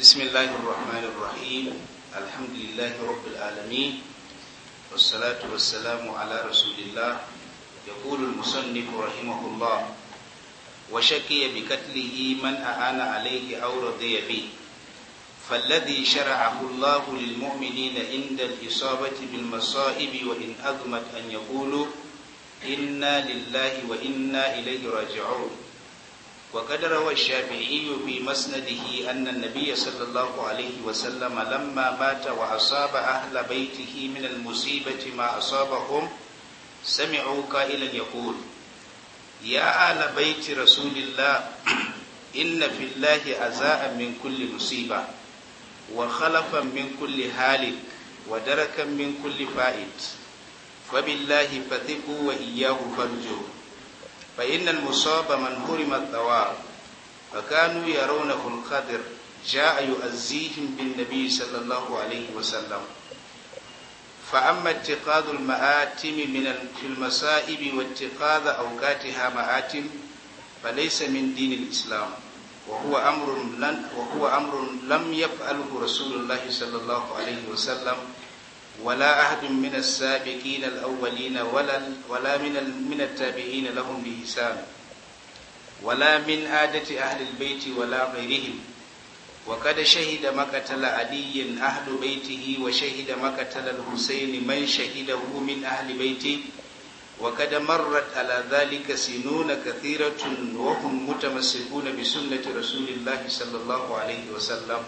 بسم الله الرحمن الرحيم الحمد لله رب العالمين والصلاة والسلام على رسول الله يقول المصنف رحمه الله وشكي بقتله من أعان عليه أو رضي به فالذي شرعه الله للمؤمنين عند الإصابة بالمصائب وإن أغمت أن يقولوا إنا لله وإنا إليه راجعون وقد روى الشافعي في مسنده أن النبي صلى الله عليه وسلم لما مات وأصاب أهل بيته من المصيبة ما أصابهم سمعوا قائلا يقول يا آل بيت رسول الله إن في الله أزاء من كل مصيبة وخلفا من كل هالك ودركا من كل فائت فبالله فثقوا وإياه فارجوا فإن المصاب من حرم الثواب فكانوا يرونه القدر جاء يؤزيهم بالنبي صلى الله عليه وسلم فأما اتخاذ المآتم من في المصائب واتخاذ أوقاتها مآتم فليس من دين الإسلام وهو أمر لن وهو أمر لم يفعله رسول الله صلى الله عليه وسلم ولا أحد من السابقين الأولين ولا ولا من من التابعين لهم بإحسان ولا من عادة أهل البيت ولا غيرهم وقد شهد مقتل علي أهل بيته وشهد مقتل الحسين من شهده من أهل بيته وقد مرت على ذلك سنون كثيرة وهم متمسكون بسنة رسول الله صلى الله عليه وسلم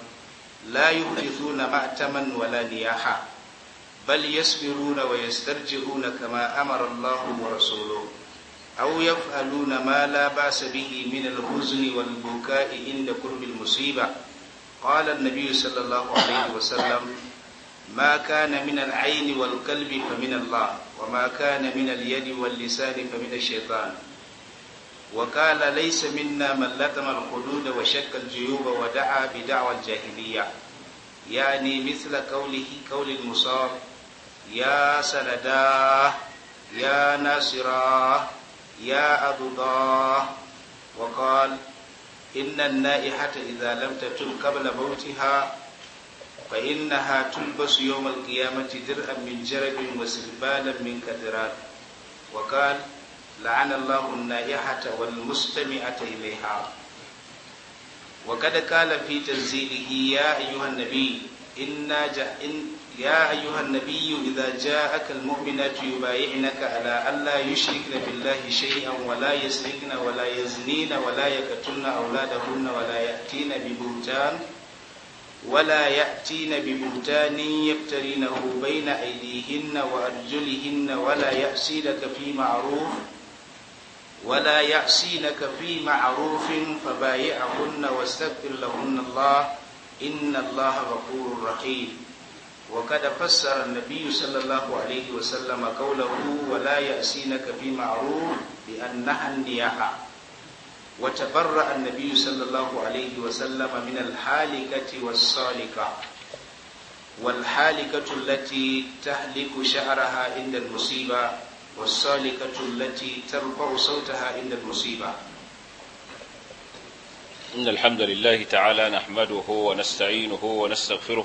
لا يحدثون معتما ولا نياحا بل يصبرون ويسترجعون كما أمر الله ورسوله أو يفعلون ما لا بأس به من الحزن والبكاء عند قرب المصيبة قال النبي صلى الله عليه وسلم ما كان من العين والقلب فمن الله وما كان من اليد واللسان فمن الشيطان وقال ليس منا من لتم الحدود وشك الجيوب ودعا بدعوى الجاهلية يعني مثل قوله قول المصاب يا سندا يا ناصرا يا أبضا وقال إن النائحة إذا لم تتم قبل موتها فإنها تلبس يوم القيامة درءا من جرب وسربالا من كدران وقال لعن الله النائحة والمستمعة إليها وقد قال في تنزيله يا أيها النبي إنا, جا إن يا أيها النبي إذا جاءك المؤمنات يبايعنك على ألا يشركن بالله شيئا ولا يسرقن ولا يزنين ولا يقتلن أولادهن ولا يأتين ببهتان ولا يأتين ببهتان يفترينه بين أيديهن وأرجلهن ولا يعصينك في معروف ولا يعصينك في معروف فبايعهن واستغفر لهن الله إن الله غفور رحيم وقد فسر النبي صلى الله عليه وسلم قوله ولا يأسينك في معروف بأنها النياحة وتبرأ النبي صلى الله عليه وسلم من الحالكة والصالكة والحالكة التي تهلك شعرها عند المصيبة والصالكة التي ترفع صوتها عند المصيبة إن الحمد لله تعالى نحمده ونستعينه ونستغفره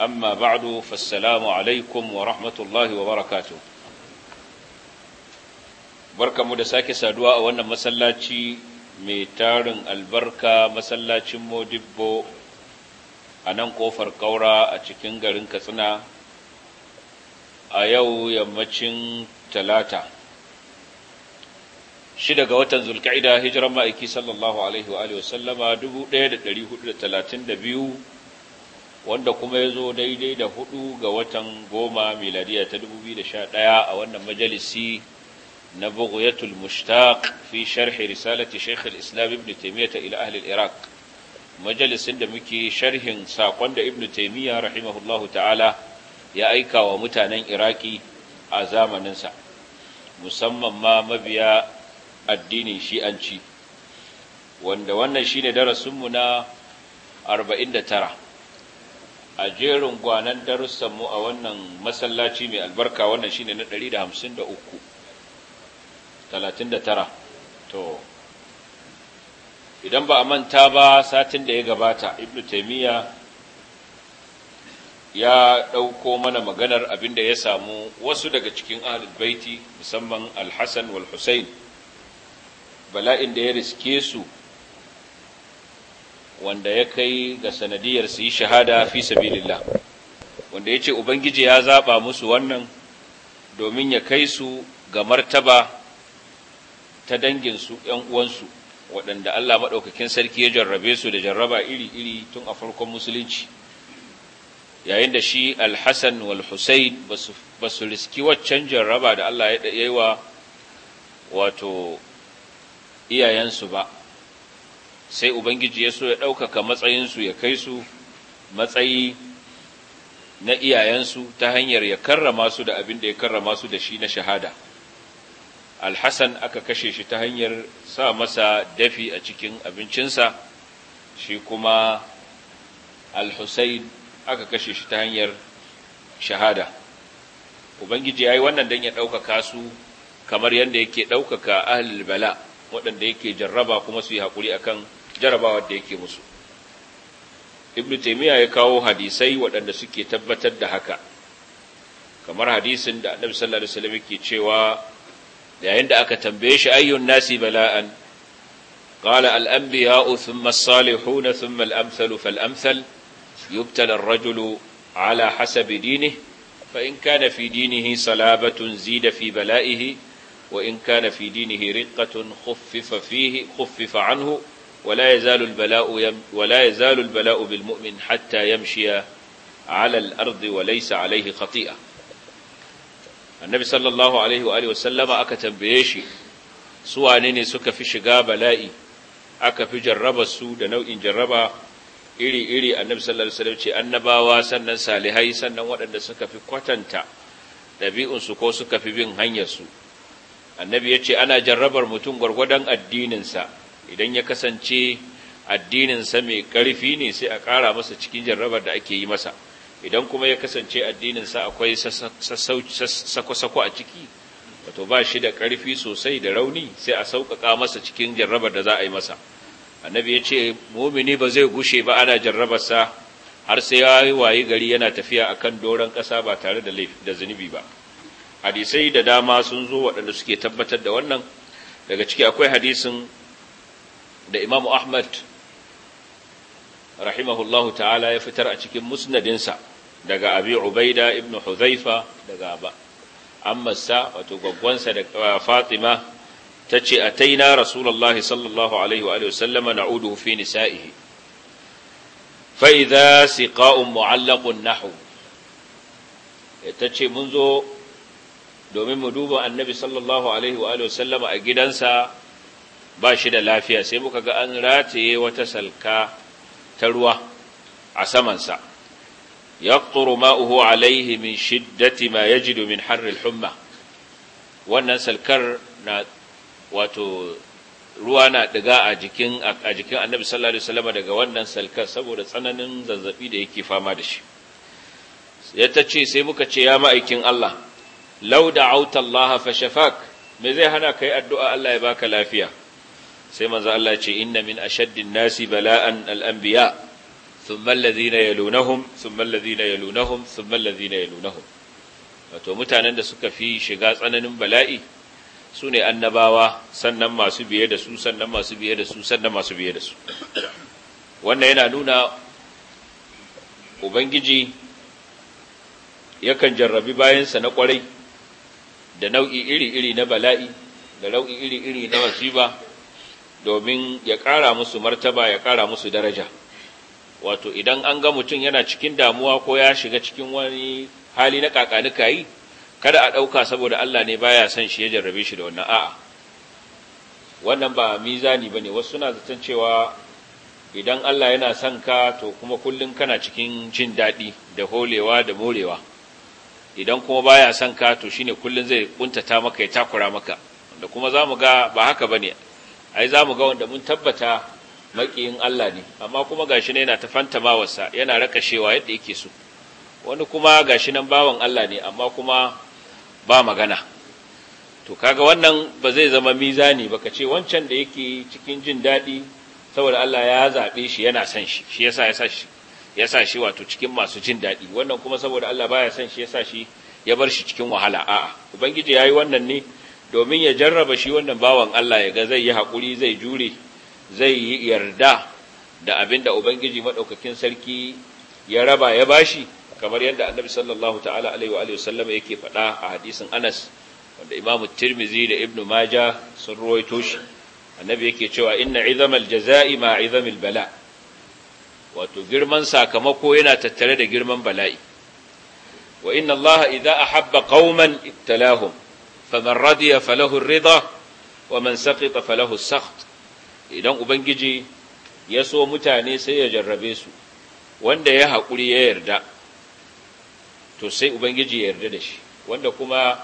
amma ba'du fassalamu alaikum wa rahmatullahi wa barakatuh barkamu da sake saduwa a wannan masallaci mai tarin albarka masallacin modibbo a nan ƙofar ƙaura a cikin garin katsina a yau yammacin talata shida ga watan zulka'ida hijiran ma'aiki sallallahu alaihi wa sallama biyu. wanda kuma ya zo daidai da hudu ga watan goma miladiya ta 2011 a wannan majalisi na bughyatul mushtaq fi sharhi risalati shaykh al-islam ibn taymiyyah ila ahli al-iraq majalisin da muke sharhin sakon da ibn taymiyyah rahimahullahu ta'ala ya aika wa mutanen iraki a zamaninsa musamman ma mabiya addinin shi'anci wanda wannan shine darasinmu na 49 a jerin gwanan darussanmu a wannan masallaci mai albarka wannan shi ne na da tara. to idan ba a manta ba satin da ya gabata ibnu taimiyya ya ɗauko mana maganar abin da ya samu wasu daga cikin ahlul baiti musamman Alhassan WalHussain, bala'in da ya riske su wanda ya kai ga sanadiyar su yi shahada fi sabilillah wanda ya ce ubangiji ya zaba musu wannan domin ya kai su ga martaba ta danginsu ‘yan uwansu waɗanda Allah maɗaukakin sarki ya jarrabe su da jarraba iri-iri tun a farkon musulunci yayin da shi alhassan wal-hussein basu su riski waccan jarraba da Allah ya yi wa wato iyayensu ba sai ubangiji ya so ya ɗaukaka matsayinsu ya kai su matsayi na iyayensu ta hanyar ya karrama su da abin da ya karrama su da shi na shahada alhassan aka kashe shi ta hanyar sa masa dafi a cikin abincinsa shi kuma alhussein aka kashe shi ta hanyar shahada ubangiji ya yi wannan don ya ɗaukaka su kamar yadda yake ɗaukaka ahalil bala waɗanda yake jarraba kuma su yi haƙuri akan jarabawar da yake musu ibnu taymiya ya kawo hadisai waɗanda suke tabbatar da haka kamar hadisin da annabi sallallahu alaihi wasallam yake cewa yayin da aka tambaye shi ayyun nasi bala'an qala al anbiya thumma as-salihun thumma al amthal fal amsal yubtala ar-rajulu ala hasabi dinihi fa in kana fi dinihi salabatun zida fi bala'ihi wa in kana fi dinihi riqqatun khuffifa fihi khuffifa anhu wala yazalu albala'u wala yazalu hatta yamshiya ala al-ardi wa laysa alayhi khati'a annabi sallallahu sallama aka tambaye shi su wanene suka fi shiga bala'i aka fi jarraba su da nau'in jarraba iri-iri annabi sallallahu ce annabawa sannan salihai sannan waɗanda suka fi kwatanta ɗabi'unsu ko suka fi bin hanyarsu annabi ya ce ana jarrabar mutum gwargwadon addininsa idan ya kasance addininsa mai ƙarfi ne sai a ƙara masa cikin jarrabar da ake yi masa idan kuma ya kasance addininsa akwai sako a ciki wato ba shi da ƙarfi sosai da rauni sai a sauƙaƙa masa cikin jarrabar da za a yi masa annabi ya ce mumini ba zai gushe ba ana jarrabarsa har sai ya yi gari yana tafiya akan doron ƙasa ba tare da zunubi ba hadisai da dama sun zo waɗanda suke tabbatar da wannan daga ciki akwai hadisin da imamu ahmad rahimahullahu ta'ala ya fitar a cikin musnadinsa daga abi ubaida ibn huzaifa daga ba ammarsa wato gwaggwansa da uh, fatima ta ce a taina rasulallah sallallahu alaihi wa sallama na udu fi nisa'ihi fa'iza siƙa'un mu'allakun nahu ta ce mun zo domin mu duba annabi sallallahu alaihi wa sallama a gidansa ba shi da lafiya sai muka ga an rataye wata salka ta ruwa a samansa yaqturu ma'uhu alaihi min shiddati ma yajidu min harril humma wannan salkar na wato ruwa na ɗiga a jikin a jikin Annabi sallallahu alaihi wasallam daga wannan salkar saboda tsananin zazzabi da yake fama da shi ya ce sai muka ce ya ma'aikin Allah Lau da'awta Allah fa shafak me zai hana kai addu'a Allah ya baka lafiya sai manzo Allah ce inna min ashaddin nasi bala'an al-anbiya thumma alladhina yalunahum thumma alladhina yalunahum thumma alladhina yalunahum wato mutanen da suka fi shiga tsananin bala'i sune annabawa sannan masu biye da su sannan masu biye da su sannan masu biye da su wannan yana nuna ubangiji yakan jarrabi bayansa na kwarai da nau'i iri-iri na bala'i da nau'i iri-iri na masiba. domin ya ƙara musu martaba ya ƙara musu daraja wato idan an ga mutum yana cikin damuwa ko ya shiga cikin wani hali na ƙaƙanuka yi kada a ɗauka saboda Allah ne baya son shi ya jarrabe shi da wannan a'a wannan ba mizani bane wasu suna zaton cewa idan Allah yana son ka to kuma kullun kana cikin jin daɗi da holewa da morewa idan kuma baya son ka to shine kullun zai kuntata maka ya takura maka da kuma zamu ga ba haka bane ai za mu ga wanda mun tabbata maƙiyin Allah ne amma kuma gashi ne yana ta fantamawarsa yana rakashewa yadda yake so wani kuma gashi nan bawan Allah ne amma kuma ba magana to kaga wannan ba zai zama mizani ba ka ce wancan da yake cikin jin daɗi saboda Allah ya zaɓe shi yana son shi shi yasa ya sa ya sa shi wato cikin masu jin daɗi wannan kuma saboda Allah baya son shi ya sa shi ya bar shi cikin wahala a'a ubangiji yayi wannan ne domin ya jarraba shi wannan bawan Allah ya ga zai yi haƙuri zai jure zai yi yarda da abin da Ubangiji maɗaukakin sarki ya raba ya bashi kamar yadda annabi sallallahu ta'ala alaihi wa sallam yake faɗa a hadisin Anas wanda Imamu Tirmizi da Ibn maja sun ruwaito shi annabi yake cewa inna izamal jazai ma izamal bala wato girman sakamako yana tattare da girman bala'i wa inna Allah idza ahabba qauman ibtalahum فمن رضي فله الرضا ومن سقط فله السخط idan ubangiji ya so mutane sai ya jarrabe su wanda ya haƙuri ya yarda to sai ubangiji ya yarda da shi wanda kuma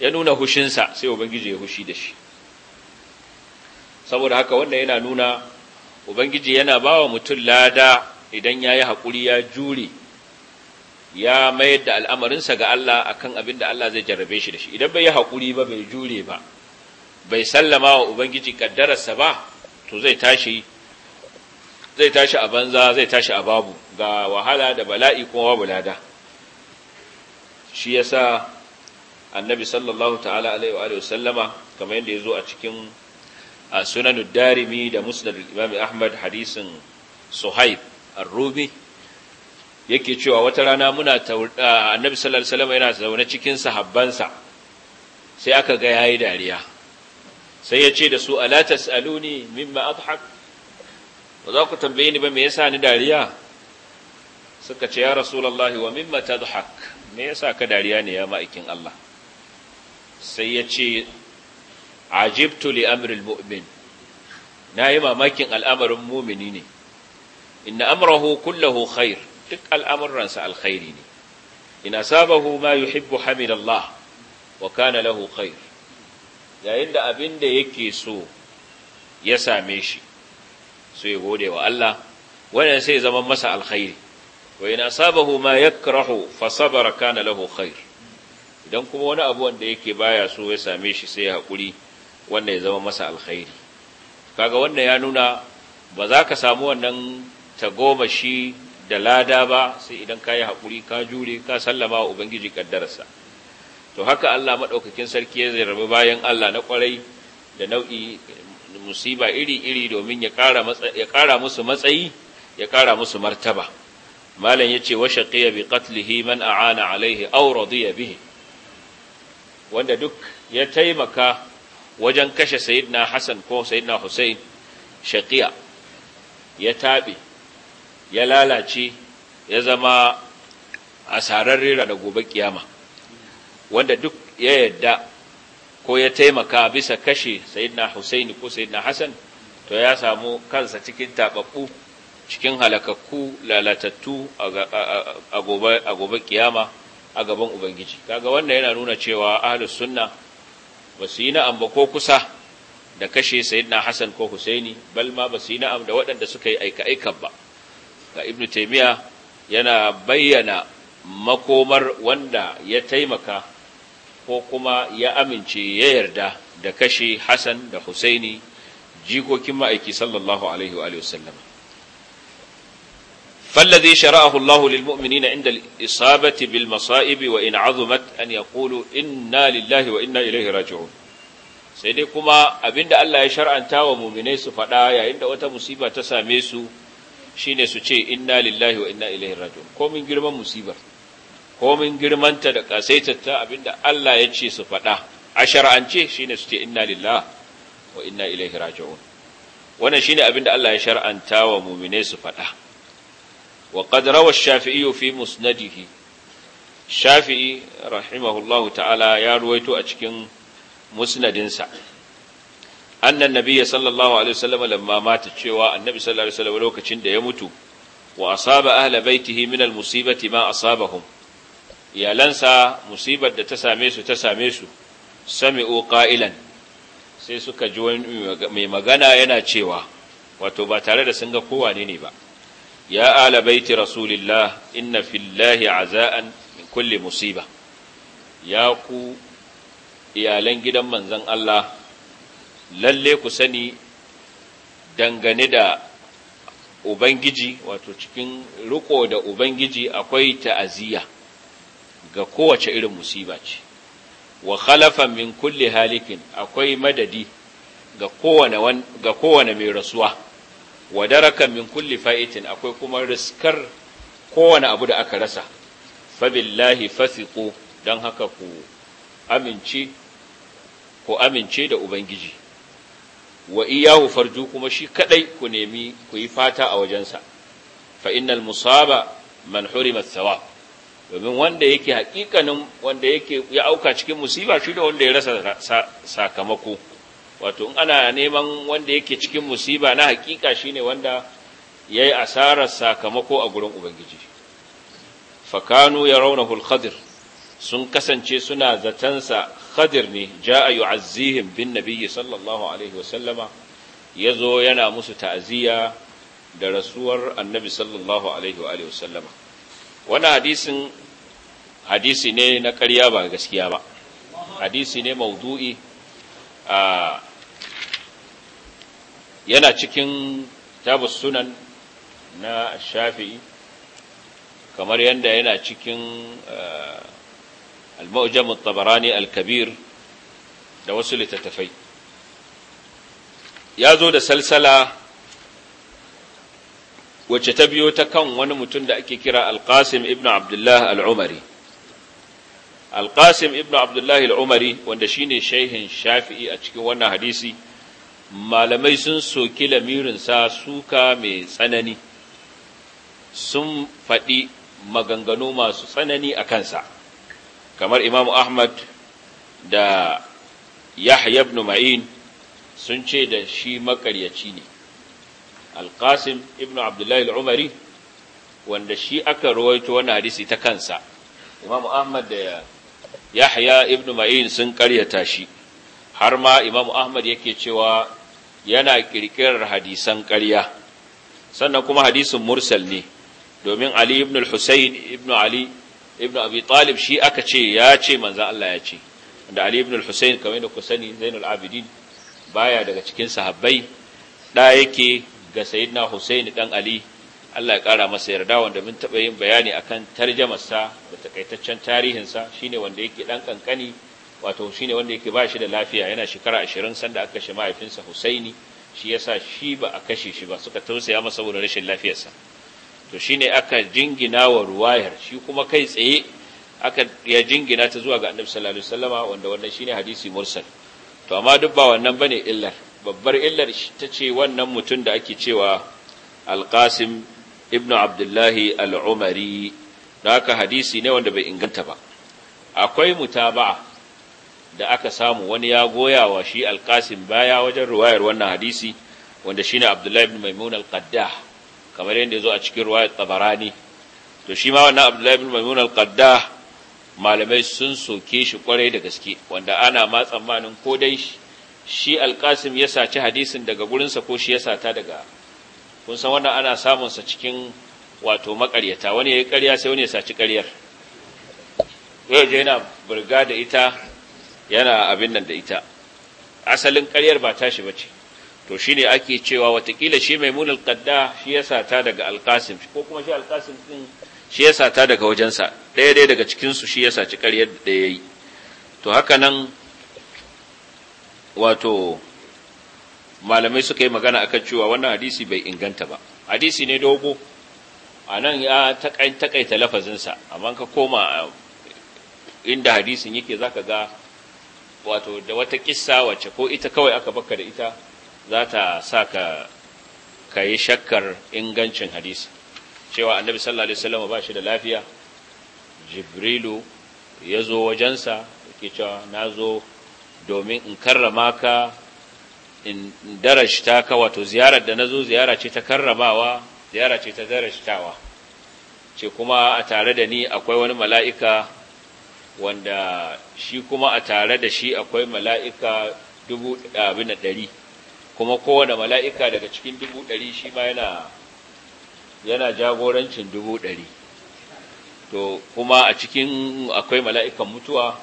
ya nuna hushinsa sai ubangiji ya hushi da shi saboda haka wanda yana nuna ubangiji yana ba wa mutum lada idan ya yi haƙuri ya jure ya mayar da al'amarinsa ga Allah akan abin da Allah zai jarrabe shi da shi idan bai yi haƙuri ba bai jure ba bai sallama wa ubangiji kaddararsa ba to zai tashi zai tashi a banza zai tashi a babu ga wahala da bala'i kuma babu lada shi yasa annabi sallallahu ta'ala alaihi wa sallama kamar yadda ya zo a cikin sunan darimi da musnad imam ahmad hadisin suhaib ar-rubi yake cewa wata rana muna annabi sallallahu alaihi wasallam yana zaune cikin sahabbansa sai aka ga yayi dariya sai ya ce da su ala tasaluni mimma adhak ba za ku tambaye ni ba me yasa ni dariya suka ce ya rasulullahi wa mimma tadhak me yasa ka dariya ne ya ma'aikin Allah sai ya ce ajibtu li amri almu'min nayi mamakin al'amarin mumini ne inna amrahu kullahu khair duk al'amuransa alkhairi ne Ina asabahu ma hibbu hamidallah wa kana lahu khair yayin da abin da yake so ya same shi so ya gode wa Allah wannan sai zama masa alkhairi wa ina asabahu ma yakrahu fa sabara kana lahu khair idan kuma wani abu wanda yake baya so ya same shi sai ya hakuri wannan ya zama masa alkhairi kaga wannan ya nuna ba za ka samu wannan tagomashi da lada ba sai idan ka yi haƙuri ka jure ka sallama wa ubangiji ƙaddararsa to haka Allah maɗaukakin sarki ya zarrabe bayan Allah na ƙwarai da nau'i musiba iri-iri domin ya ƙara musu matsayi ya ƙara musu martaba malam ya ce wa shaqiya bi qatlihi man a'ana alaihi aw ya bihi wanda duk ya taimaka wajen kashe sayyidina Hassan ko sayyidina Hussein shaƙiya ya taɓe ya lalace ya zama asarar rera da gobe kiyama wanda duk ya yadda ko ya taimaka bisa kashe sayidina Husaini ko sayidina Hassan to ya samu kansa cikin tababbu cikin halakakku lalatattu a gobe a kiyama a gaban ubangiji kaga wannan yana nuna cewa ahlus sunna su yi na'am ba ko kusa da kashe sayidina Hassan ko Husaini balma ma su yi na'am da waɗanda suka yi aika aikan ba ga ibnu taymiya yana bayyana makomar wanda ya taimaka ko kuma ya amince ya yarda da kashe Hassan da Husaini jikokin ma'aiki sallallahu alaihi wa sallam فالذي شرعه الله للمؤمنين عند الإصابة بالمصائب وإن عظمت أن يقولوا إنا لله وإنا إليه راجعون sai dai kuma abinda Allah ya shar'anta wa muminai su faɗa yayin da wata musiba ta same su Shi ne su ce inna lillahi wa inna ilaihi raji'un komin girman musibar komin girmanta da kasaitatta abinda Allah ya ce su faɗa a shar'ance ne su ce inna lillahi wa inna ilaihi raji'un wannan shi ne abinda Allah ya shar'anta wa mu'mine su faɗa wa qad rawa ash-shafi'i fi musnadihi shafi'i rahimahullahu ta'ala ya ruwaito a cikin musnadinsa annan Nabiya sallallahu alaihi wasallam lamma mata cewa annabi sallallahu alaihi wasallam lokacin da ya mutu wa asaba ahla baitihi min almusibati ma asabahum iyalansa musibar da ta same su ta same su sami'u qailan sai suka ji mai magana yana cewa wato ba tare da sun ga kowa ne ba ya ala baiti rasulillah inna fillahi azaan min kulli musiba ya ku iyalan gidan manzon Allah lalle ku sani dangane da ubangiji wato cikin riko da ubangiji akwai ta'aziyya ga kowace irin musiba ce wa khalafa min kulle halikin akwai madadi ga kowane mai rasuwa wa daraka min kulle fa'itin akwai kuma riskar kowane abu da aka rasa fa billahi fasiqu haka ku amince ku amince da ubangiji wa iyahu farju kuma shi kadai ku nemi ku yi fata a wajensa fa innal musaba man hurima thawab domin wanda yake hakikanin wanda yake ya auka cikin musiba shi da wanda ya rasa sakamako wato in ana neman wanda yake cikin musiba na hakika shine wanda yayi asarar sakamako a gurin ubangiji kanu yarawnahu al-khadir sun kasance suna zatansa khadir ne ja'a azihin bin nabiyyi sallallahu alaihi wa sallama zo yana musu ta'aziyya da rasuwar annabi sallallahu alaihi wa sallama hadisin hadisi ne na ƙarya ba gaskiya ba hadisi ne maudu'i a yana cikin tabus sunan na shafi'i kamar yadda yana cikin al-mu'jam Alkabir, da wasu littattafai ya zo da salsala wacce ta biyo ta kan wani mutum da ake kira Alƙasim ibn Abdullahi Al'umari. umari ibn Abdullahi Al'umari, wanda wanda shine shaihin shafi'i a cikin wannan hadisi malamai sun soki lamirinsa suka mai tsanani sun faɗi maganganu masu tsanani a kansa kamar imamu ahmad da yahya ibn ma'in sun ce da shi makaryaci ne alqasim ibn abdullahi al wanda shi aka rawaito wannan hadisi ta kansa imamu ahmad da yahya ibn ma'in sun karyata shi har ma imamu ahmad yake cewa yana kirkirar hadisan karya, sannan kuma hadisin mursal ne domin ali ibn al-husayn ibn ali ibnu abi talib shi aka ce ya ce manzan Allah ya ce da ali ibn al-husayn kamar da ku sani zainul abidin baya daga cikin sahabbai da yake ga sayyidina husayn dan ali Allah ya kara masa yarda wanda mun taɓa yin bayani akan tarjamarsa da takaitaccen tarihinsa shine wanda yake dan kankani wato shine wanda yake ba shi da lafiya yana shekara 20 sanda aka kashe mahaifinsa Husaini shi yasa shi ba a kashe shi ba suka tausaya masa saboda rashin lafiyarsa to shi ne aka jingina wa ruwayar shi kuma kai tsaye aka ya jingina ta zuwa ga annabi sallallahu alaihi wasallama wanda wannan shi ne hadisi mursal to amma duk ba wannan bane illar babbar illar ta ce wannan mutum da ake cewa alqasim ibnu abdullahi al-umari da haka hadisi ne wanda bai inganta ba akwai mutaba'a da aka samu wani ya goyawa wa shi alqasim baya wajen ruwayar wannan hadisi wanda shine abdullahi ibn maimun al-qaddah kamar yadda ya zo a cikin ruwayar tabarani to shi ma wannan abdullahi bin maimun al malamai sun soke shi kwarai da gaske wanda ana ma tsammanin ko dai shi alkasim ya saci hadisin daga gurinsa ko shi ya sata daga kun san wannan ana samun sa cikin wato makaryata wani yayi ƙarya sai wani ya saci ƙaryar yau je yana burga da ita yana abin nan da ita asalin ƙaryar ba tashi bace to shi ne ake cewa watakila shi mai munar kadda shi ya sata daga alkasim ko kuma shi alkasim din shi ya sata daga wajensa ɗaya ɗaya daga cikinsu shi ya saci ƙaryar da ya yi to haka nan wato malamai suka yi magana a kan cewa wannan hadisi bai inganta ba hadisi ne dogo a nan ya takaita lafazinsa amma ka koma eh, inda hadisin yake za ka ga wato da wata kissa wacce ko ita kawai aka baka da ita za ta sa ka ka yi shakkar ingancin hadisi cewa annabi sallallahu alaihi wasallam ba shi da lafiya jibrilu ya zo wajensa yake cewa na zo domin in karrama ka in darashta ka wato ziyarar da na zo ziyara ce ta karramawa ziyara ce ta darashtawa ce kuma a tare da ni akwai wani mala'ika wanda shi kuma a tare da shi akwai mala'ika dubu abin da ɗari kuma kowane mala'ika daga cikin dubu ɗari shi ma yana jagorancin dubu ɗari to kuma a cikin akwai mala'ikan mutuwa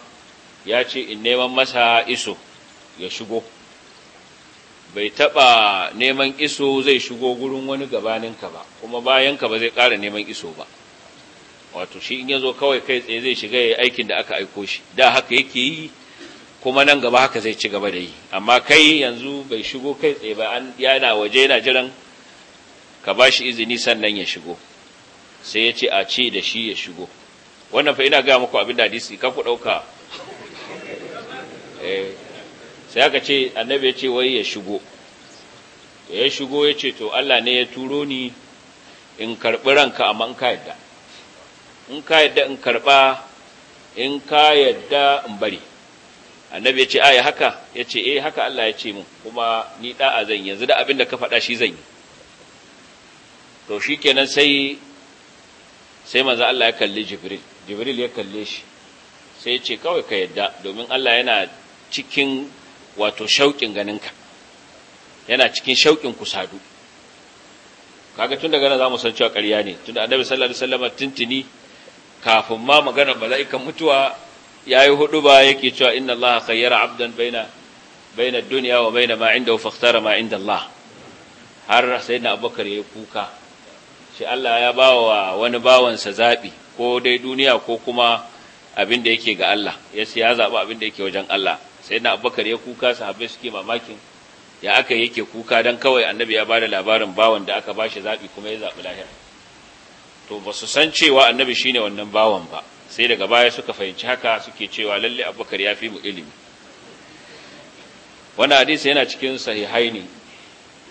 ya ce in neman masa iso ya shigo bai taɓa neman iso zai shigo gurin wani gabaninka ba kuma bayanka ba zai ƙara neman iso ba wato shi in ya kawai kai tsaye zai shiga ya aikin da aka aiko shi da haka yake yi kuma nan gaba haka zai ci gaba da yi amma kai yanzu bai shigo kai tsaye ba an yana waje yana jiran ka ba shi izini sannan ya shigo sai ya ce a ce da shi ya shigo wannan fa ina ga muku abin da hadisi ka ku dauka eh sai aka ce annabi ya ce wai ya shigo ya shigo ya ce to Allah ne ya turo ni in karɓi ranka amma in ka yadda in ka yadda in karɓa in ka yadda in bari annabi ya ce ai haka ya ce eh haka Allah ya ce mu kuma ni da'a zan yanzu da abin da ka faɗa shi zan yi to kenan sai sai manzo Allah ya kalli Jibril Jibril ya kalle shi sai ya ce kawai ka yadda domin Allah yana cikin wato shauƙin ganinka yana cikin shauƙin kusadu kaga tun da nan zamu san cewa ƙarya ne tunda Annabi sallallahu alaihi wasallam tuntuni kafin ma maganar mala'ikan mutuwa Ya yayi hudu ba yake cewa inna Allah khayyara abdan baina baina dunya wa baina ma indahu fakhtara ma inda Allah har sai na Abubakar yayi kuka shi Allah ya bawa wani bawansa zabi ko dai duniya ko kuma abin da yake ga Allah ya ya zaɓi abin da yake wajen Allah Sai na Abubakar ya kuka sahabbai suke mamakin ya aka yake kuka dan kawai annabi ya bada labarin bawan da aka bashi zabi kuma ya zabi lahira to ba su san cewa annabi shine wannan bawan ba sai daga baya suka fahimci haka suke cewa lalle abubakar ya fi mu ilimi wani hadisi yana cikin sahihaini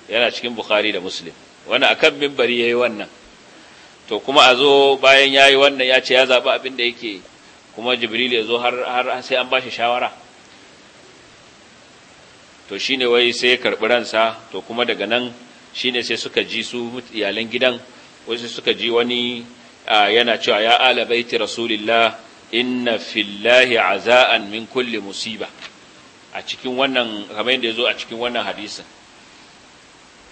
yana cikin bukhari da muslim wani akan mimbari ya yi wannan to kuma a zo bayan ya yi wannan ya ce ya zaɓi abin da yake kuma jibril ya zo har sai an ba shi shawara to shi ne wai sai ya karɓi ransa to kuma daga nan shi ne sai suka ji su iyalan gidan wasu suka ji wani yana cewa ya ala baiti rasulillah inna fillahi azaan min kulli musiba a cikin wannan kamar yadda yazo a cikin wannan hadisin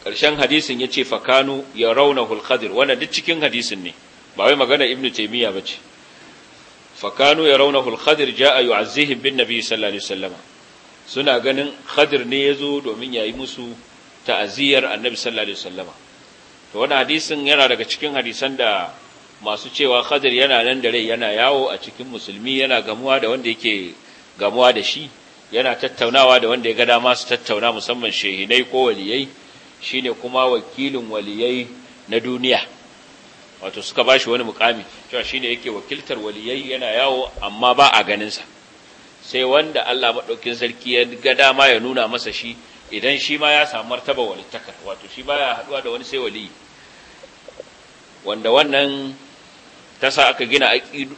karshen hadisin yace fakanu ya hul khadir wannan duk cikin hadisin ne ba wai magana ibnu taymiya bace fakanu ya rauna hul khadir jaa yu'azzihi bin nabi sallallahu alaihi wasallam suna ganin khadir ne yazo domin yayi musu ta'aziyar annabi sallallahu alaihi wasallam to wannan hadisin yana daga cikin hadisan da masu cewa khadir yana nan da rai yana yawo a cikin musulmi yana gamuwa da wanda yake gamuwa da shi yana tattaunawa da wanda ya ga dama su tattauna musamman shehinai ko waliyai shine kuma wakilin waliyai na duniya wato suka bashi wani mukami cewa shine yake wakiltar waliyai yana yawo amma ba a ganin sai wanda Allah madaukin sarki ya ga dama ya nuna masa shi idan shi ma ya samu martaba walittaka wato shi baya haduwa da wani sai waliyi wanda wannan ta sa aka gina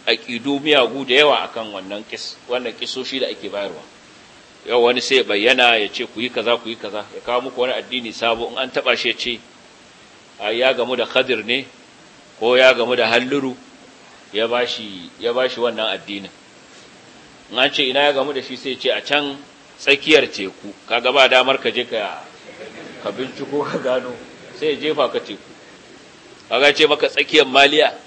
aƙidu miyagu da yawa akan wannan wannan kisoshi da ake bayarwa yau wani sai bayyana ya ce ku yi kaza ku yi kaza ya kawo muku wani addini sabo in an taba shi ya ce ya gamu da khadir ne ko ya gamu da halluru ya ba ya wannan addinin in an ce ina ya gamu da shi sai ce a can tsakiyar teku kaga ba damar ka je ka ka binciko ka gano sai ya jefa ka teku kaga ce maka tsakiyar maliya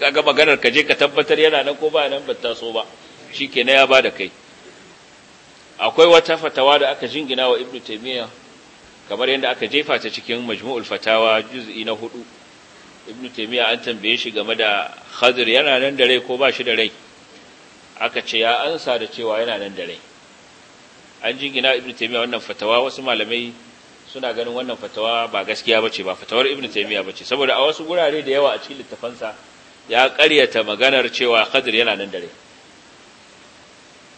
kaga maganar ka je ka tabbatar yana nan ko ba nan ba so ba shikenan ya bada kai akwai wata fatawa da aka jingina wa ibnu taymiya kamar yadda aka jefa ta cikin majmu'ul fatawa juz'i na hudu ibnu taymiya an tambaye shi game da khadir yana nan da rai ko ba shi da rai aka ce ya ansa da cewa yana nan da rai an jingina ibnu taymiya wannan fatawa wasu malamai suna ganin wannan fatawa ba gaskiya ba ce ba fatawar ibnu taymiya ce saboda a wasu gurare da yawa a cikin littafansa ya ƙaryata maganar cewa kadir yana nan dare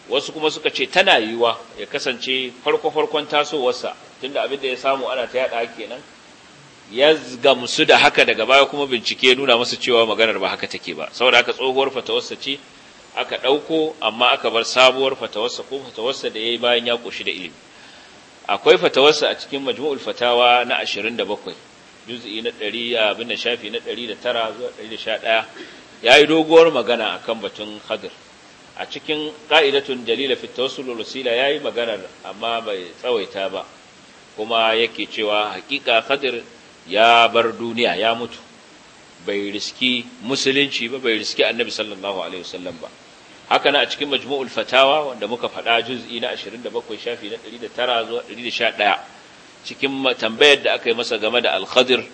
wasu kuma suka ce tana yiwa ya kasance farko farkon tasowarsa tunda abin da ya samu ana ta yada kenan ya gamsu da haka daga baya kuma bincike nuna masa cewa maganar ba haka take ba saboda haka tsohuwar fatawarsa ce aka ɗauko amma aka bar sabuwar fatawarsa ko fatawarsa da ya yi bayan ya ƙoshi da ilimi akwai fatawarsa a cikin majmu'ul fatawa na 27 juz'i na 100 abin da shafi na 109 zuwa 111 yayi doguwar magana akan batun khadir a cikin qa'idatun dalila fi tawassul wal wasila yayi magana amma bai tsawaita ba kuma yake cewa hakika khadir ya bar duniya ya mutu bai riski musulunci ba bai riski annabi sallallahu alaihi wasallam ba haka na a cikin majmu'ul fatawa wanda muka faɗa juz'i na 27 shafi na 109 zuwa 111 cikin tambayar da aka yi masa game da al-khadir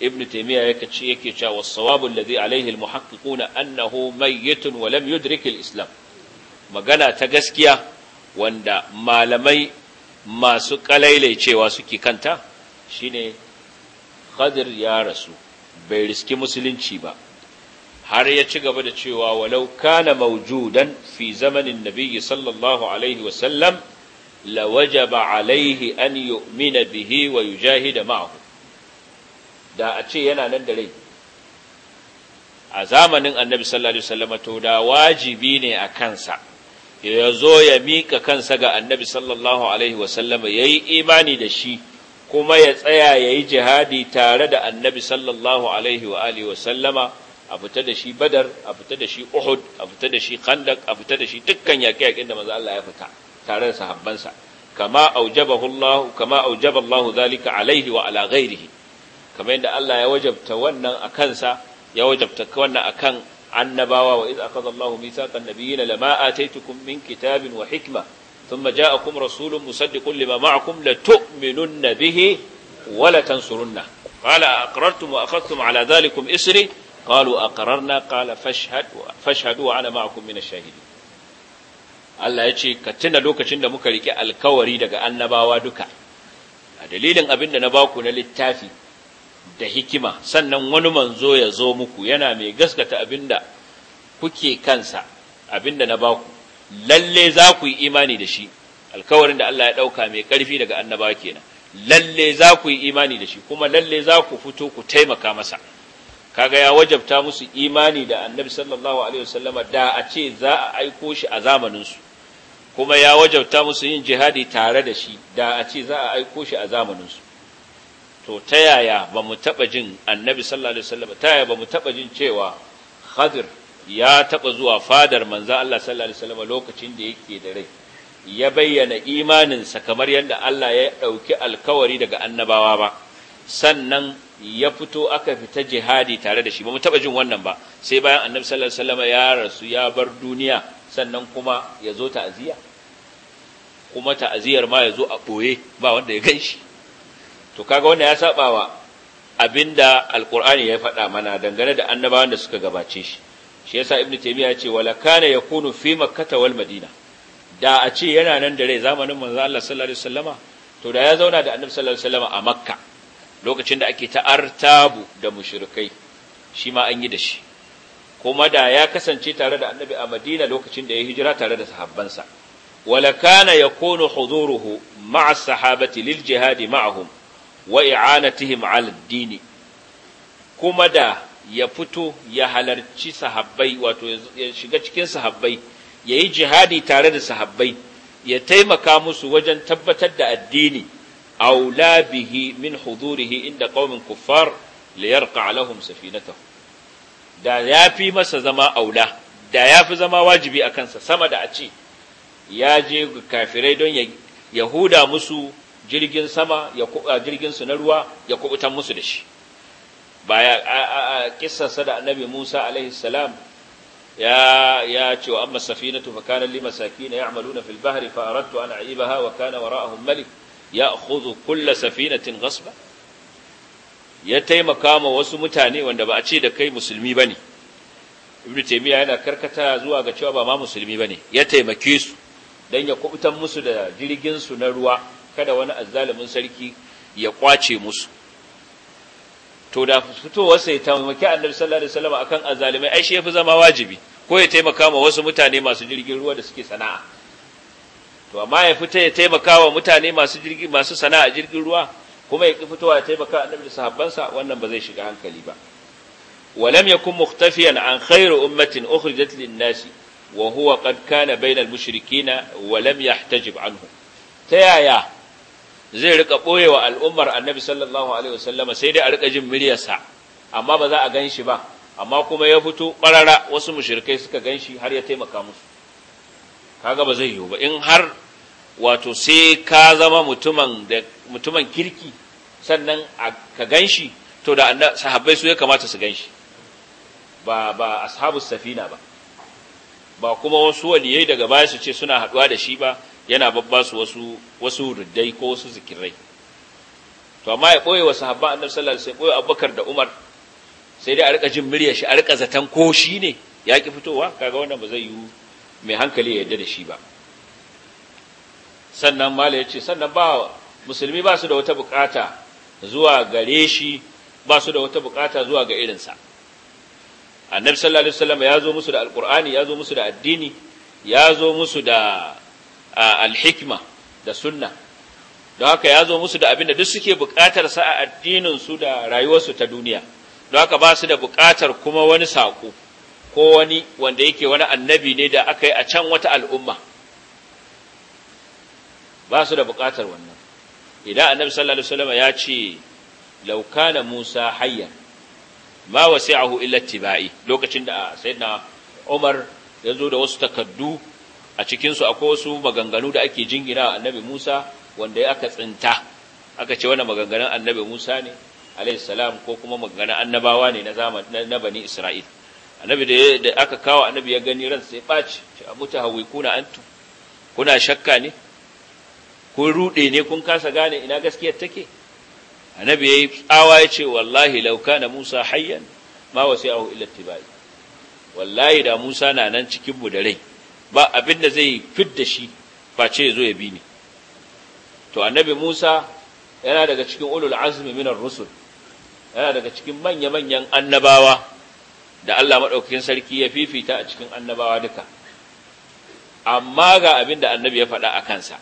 ibn taymiya yake ce yake cewa was-sawabu alladhi alayhi al-muhaqqiquna annahu mayyit wa lam yudrik al-islam magana ta gaskiya wanda malamai masu cewa suke kanta shine khadir ya rasu bai riski musulunci ba har ya ci gaba da cewa walau kana mawjudan fi zamanin nabiyyi sallallahu alaihi wa sallam, lawajaba alaihi an yu'mina bihi wa yujahida ma'ahu da a ce yana nan da rai a zamanin annabi sallallahu alaihi wasallam to da wajibi ne a kansa ya zo ya mika kansa ga annabi sallallahu alaihi wasallam yi imani da shi kuma ya tsaya ya yi jihadi tare da annabi sallallahu alaihi wa alihi wasallama a fita da shi badar a fita da shi uhud a fita da shi khandak a fita da shi dukkan yaƙe-yaƙen da manzo Allah ya fita tare da sahabbansa kama aujabahu Allah kama aujaba Allah zalika alaihi wa ala ghairihi kama yadda Allah ya wajabta wannan a kansa ya wajabta wannan akan annabawa wa idza akhadha Allah mithaqan nabiyyin lama ataitukum min kitabin wa hikma thumma ja'akum rasulun musaddiqun lima ma'akum latu'minunna bihi wa latansurunna qala aqrartum wa akhadhtum ala dhalikum isri قالوا aqrarna قال فاشهد فاشهدوا ana معكم من الشاهدين Allah ya ce ka tuna lokacin da muka rike alkawari daga annabawa duka a dalilin abin da na baku na littafi da hikima sannan wani manzo ya zo muku yana mai gaskata abin da kuke kansa abin da na baku lalle za ku yi imani da shi alkawarin da Allah ya ɗauka mai ƙarfi daga annabawa kenan lalle za ku yi imani da shi kuma lalle za ku fito ku taimaka masa kaga ya wajabta musu imani da annabi sallallahu alaihi wasallama da a ce za a aiko shi a zamaninsu kuma ya wajabta musu yin jihadi tare da shi da a ce za a aiko shi a zamaninsu to ta yaya ba mu taɓa jin annabi sallallahu alaihi wasallama ta yaya ba mu taɓa jin cewa khadir ya taɓa zuwa fadar manzan Allah sallallahu alaihi wasallama lokacin da yake da rai ya bayyana imaninsa kamar yadda Allah ya ɗauki alkawari daga annabawa ba sannan ya fito aka fita jihadi tare da shi ba mu taba jin wannan ba sai bayan annabi sallallahu alaihi wasallam ya rasu ya bar duniya sannan kuma ya zo ta'aziyya kuma ta'aziyar ma ya zo a boye ba wanda ya gan shi to kaga wannan ya saba wa abinda alqur'ani ya faɗa mana dangane da annabawan da suka gabace shi shi yasa ibnu taymiya ya ce wala kana yakunu fi makkah wal madina da a ce yana nan da rai zamanin manzo Allah sallallahu alaihi wasallama to da ya zauna da annabi sallallahu alaihi wasallama a makka lokacin da ake ta'artabu da mushrikai shi ma an yi da shi kuma da ya kasance tare da annabi a madina lokacin da ya hijira tare da sahabbansa wala kana yakunu huduruhu ma'a sahabati lil jihadi ma'ahum wa i'anatihim 'ala ad-din kuma da ya fito ya halarci sahabbai wato ya shiga cikin sahabbai yayi jihadi tare da sahabbai ya taimaka musu wajen tabbatar da addini aula bihi min hudurihi inda qaumin kuffar li yarqa lahum safinatahu da yafi masa zama aula da yafi zama wajibi a kansa sama da a ce ya je kafirai don ya huda musu jirgin sama ya jirgin su na ruwa ya kubutan musu da shi baya kissarsa da annabi Musa alaihi salam ya ya ce wa amma safinatu fa kana limasakina ya'maluna fil bahri fa aradtu an a'ibaha wa kana wara'ahum malik ya'khudhu kulla safinatin ghasba ya taimaka ma wasu mutane wanda ba a ce da kai musulmi bane ibnu taymiya yana karkata zuwa ga cewa ba ma musulmi bane ya taimake su dan ya kubutan musu da jirgin su na ruwa kada wani azzalumin sarki ya kwace musu to da fitowar sai ta taimaki annabi sallallahu alaihi wasallam akan azzalumai ai shi yafi zama wajibi ko ya taimaka ma wasu mutane masu jirgin ruwa da suke sana'a to amma ya fita ya taimaka wa mutane masu jirgi masu sana'a jirgin ruwa kuma ya fito ya taimaka annabi da sahabbansa wannan ba zai shiga hankali ba ummatin يكن مختفيا عن خير أمة أخرجت للناس وهو mushiriki na بين المشركين ولم يحتجب ta yaya zai rika ɓoyewa al'ummar annabi sallallahu alaihi wasallama sai dai a rika jin muryarsa amma ba za a ganshi ba amma kuma ya fito ɓarara wasu mushrikai suka gan shi har ya taimaka musu kaga ba zai yiwu ba in har wato sai ka zama mutumin kirki sannan ka ganshi to da sahabbai su ya kamata su ganshi ba ba ashabus safina ba ba kuma wasu waliyai daga baya su ce suna haduwa da shi ba yana babba su wasu wasu ruddai ko wasu zikirai to amma ya boye wa sahabban annabi sallallahu alaihi wasallam boye Abubakar da Umar sai dai a rika jin murya shi a rika zaton ko shi ne ya ki fitowa kaga wannan ba zai yi mai hankali ya yarda da shi ba sannan mala ya ce sannan ba musulmi ba su da wata bukata zuwa gare shi ba su da wata bukata zuwa ga irinsa annabi sallallahu alaihi wasallam ya zo musu da alqur'ani ya zo musu da addini ya zo musu da alhikma da sunna don haka ya zo musu da abin da duk suke bukatar sa a addinin su da rayuwarsu ta duniya don haka ba su da bukatar kuma wani sako ko wani wanda yake wani annabi ne da aka yi a can wata al'umma ba su da buƙatar wannan idan annabi sallallahu alaihi wasallam ya ce law kana musa hayya ma wasi'ahu illa tibai lokacin da sayyidina umar ya zo da wasu takaddu a cikin su akwai wasu maganganu da ake jingina annabi musa wanda ya aka tsinta aka ce wannan maganganun annabi musa ne alaihi salam ko kuma maganganun annabawa ne na zamanin na bani isra'il annabi da aka kawo annabi ya gani ran sai ɓaci ce abu antu kuna shakka ne kun rude ne kun kasa gane ina gaskiyar take annabi yayi tsawa yace wallahi law kana musa hayyan ma wasi'ahu illa tibai wallahi da musa na nan cikin mu da rai ba abin da zai fidda shi face zo ya bi ni to annabi musa yana daga cikin ulul azmi minar rusul yana daga cikin manya-manyan annabawa da Allah madaukakin sarki ya fifita a cikin annabawa duka amma ga abin da annabi ya faɗa a kansa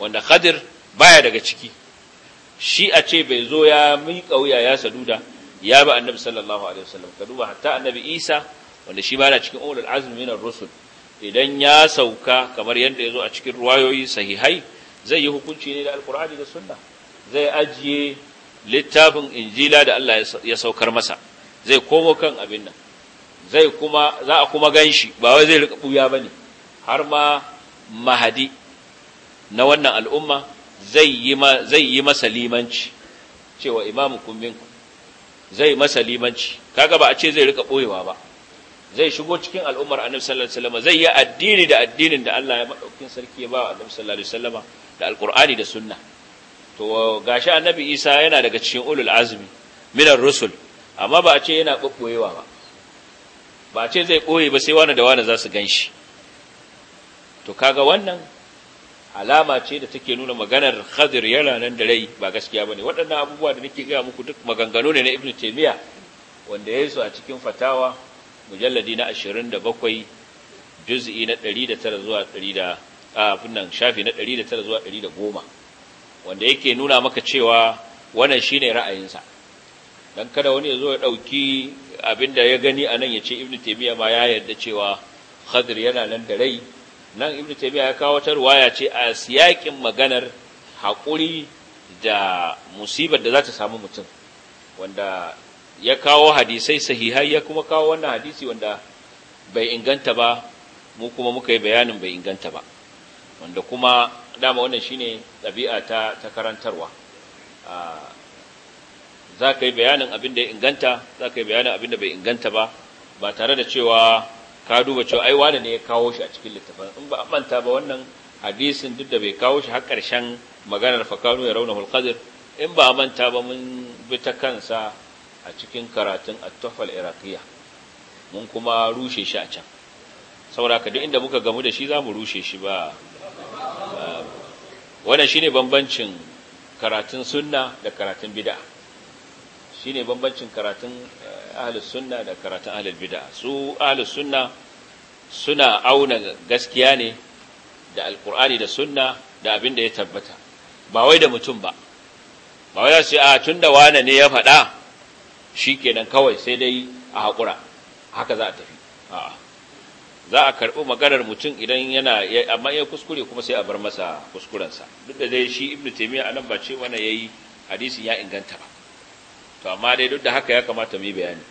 wanda khadir baya daga ciki shi a ce bai zo ya miƙa wuya ya saduda ya ba annabi sallallahu alaihi wasallam ka duba hatta annabi isa wanda shi bana cikin ulul azmi min rusul idan ya sauka kamar yadda ya zo a cikin ruwayoyi sahihai zai yi hukunci ne da alkur'ani da sunna zai ajiye littafin injila da Allah ya saukar masa zai komo kan abin nan zai kuma za a kuma ganshi ba wai zai rika buya bane har ma mahadi na wannan al'umma zai yi masa limanci cewa imamu kumbinku zai masa limanci kaga ba a ce zai rika ɓoyewa ba zai shigo cikin al'ummar annabi sallallahu alaihi wasallam zai yi addini da addinin da Allah ya madaukin sarki ya ba annabi sallallahu alaihi wasallam da alqur'ani da sunna to gashi annabi Isa yana daga cikin ulul azmi minar rusul amma ba a ce yana ɓoɓɓoyewa ba ba a ce zai ɓoye ba sai wani da wani za su gan shi to kaga wannan alama ce da take nuna maganar Khadir yana nan da rai ba gaskiya bane waɗannan abubuwa da nake gaya muku duk maganganu ne na Ibn taimiyya? wanda yayi su a cikin fatawa mujalladi na 27 juz'i na 109 zuwa 100 a funnan shafi na 109 zuwa 110 wanda yake nuna maka cewa wannan shine ra'ayinsa dan kada wani ya zo ya dauki abinda ya gani a nan ya ce Ibn taimiyya ma ya yarda cewa Khadir yana nan da rai nan ibnu tabi'a ya kawo ta ruwaya ce a siyakin maganar haƙuri da musibar da za ta samu mutum wanda ya kawo hadisai sahihai ya kuma kawo wannan hadisi wanda bai inganta ba mu kuma muka yi bayanin bai inganta ba wanda kuma dama wannan shine ɗabi'a ta ta karantarwa za ka yi bayanin abin da ya inganta za ka yi bayanin abin da bai inganta ba ba tare da cewa ka duba cewa ai wani ne ya kawo shi a cikin littafin in ba a manta ba wannan hadisin duk da bai kawo shi har ƙarshen maganar fakanu ya raunahul qadir in ba a manta ba mun bi ta kansa a cikin karatun at-tufal iraqiya mun kuma rushe shi a can saboda duk inda muka gamu da shi za mu rushe shi ba wannan shine bambancin karatun sunna da karatun bid'a shine bambancin karatun eh, ahlus sunna da karatun ahlul bid'a su ahlus sunna suna auna gaskiya ne da alqur'ani da sunna da abin da ya tabbata ba wai da mutum ba ba wai sai a tunda wane ne ya faɗa shikenan kawai sai dai a hakura haka za a tafi a'a za a karbi maganar mutum idan yana amma ya kuskure kuma sai a bar masa kuskurensa duk da dai shi ibnu taymiya anan ba ce wannan yayi hadisin ya inganta ba to amma dai duk da haka ya kamata mu yi bayani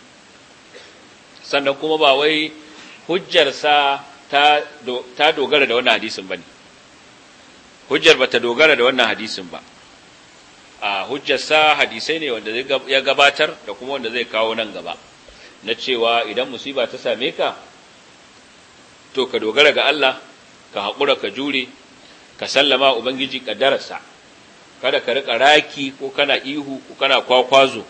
sannan kuma ba wai hujjarsa ta dogara da wannan hadisin bane hujjar ba ta dogara da wannan hadisin ba a hujjarsa hadisai ne wanda ya gabatar da kuma wanda zai kawo nan gaba na cewa idan musiba ta same ka to ka dogara ga Allah ka haƙura ka jure ka sallama ubangiji ƙaddararsa kada ka riƙa raki ko kana ihu ko kana kwakwazo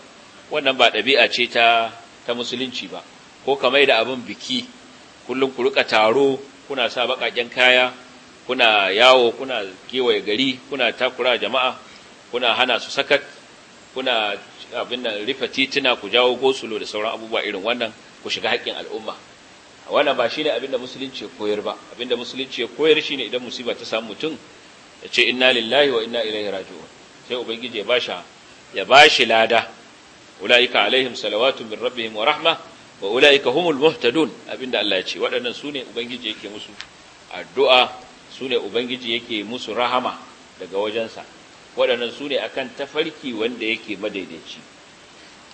wannan ba ɗabi'a ce ta ta musulunci ba ko kama da abin biki kullum ku rika taro kuna sa baƙaƙen kaya kuna yawo kuna kewaye gari kuna takura jama'a kuna hana su sakat kuna abin nan rufe tituna ku jawo gosulo da sauran abubuwa irin wannan ku shiga haƙƙin al'umma wannan ba shine da musulunci ya koyar ba Abin da musulunci ya koyar shine idan musiba ta samu mutum ya ce inna lillahi wa inna ilaihi raji'un sai ubangiji ya bashi ya bashi lada ulaika alaihim salawatu min rabbihim wa rahma wa ulaika humul muhtadun abinda Allah ya ce waɗannan ne ubangiji yake musu addu'a ne ubangiji yake musu rahama daga wajensa waɗannan sune akan tafarki wanda yake madaidaici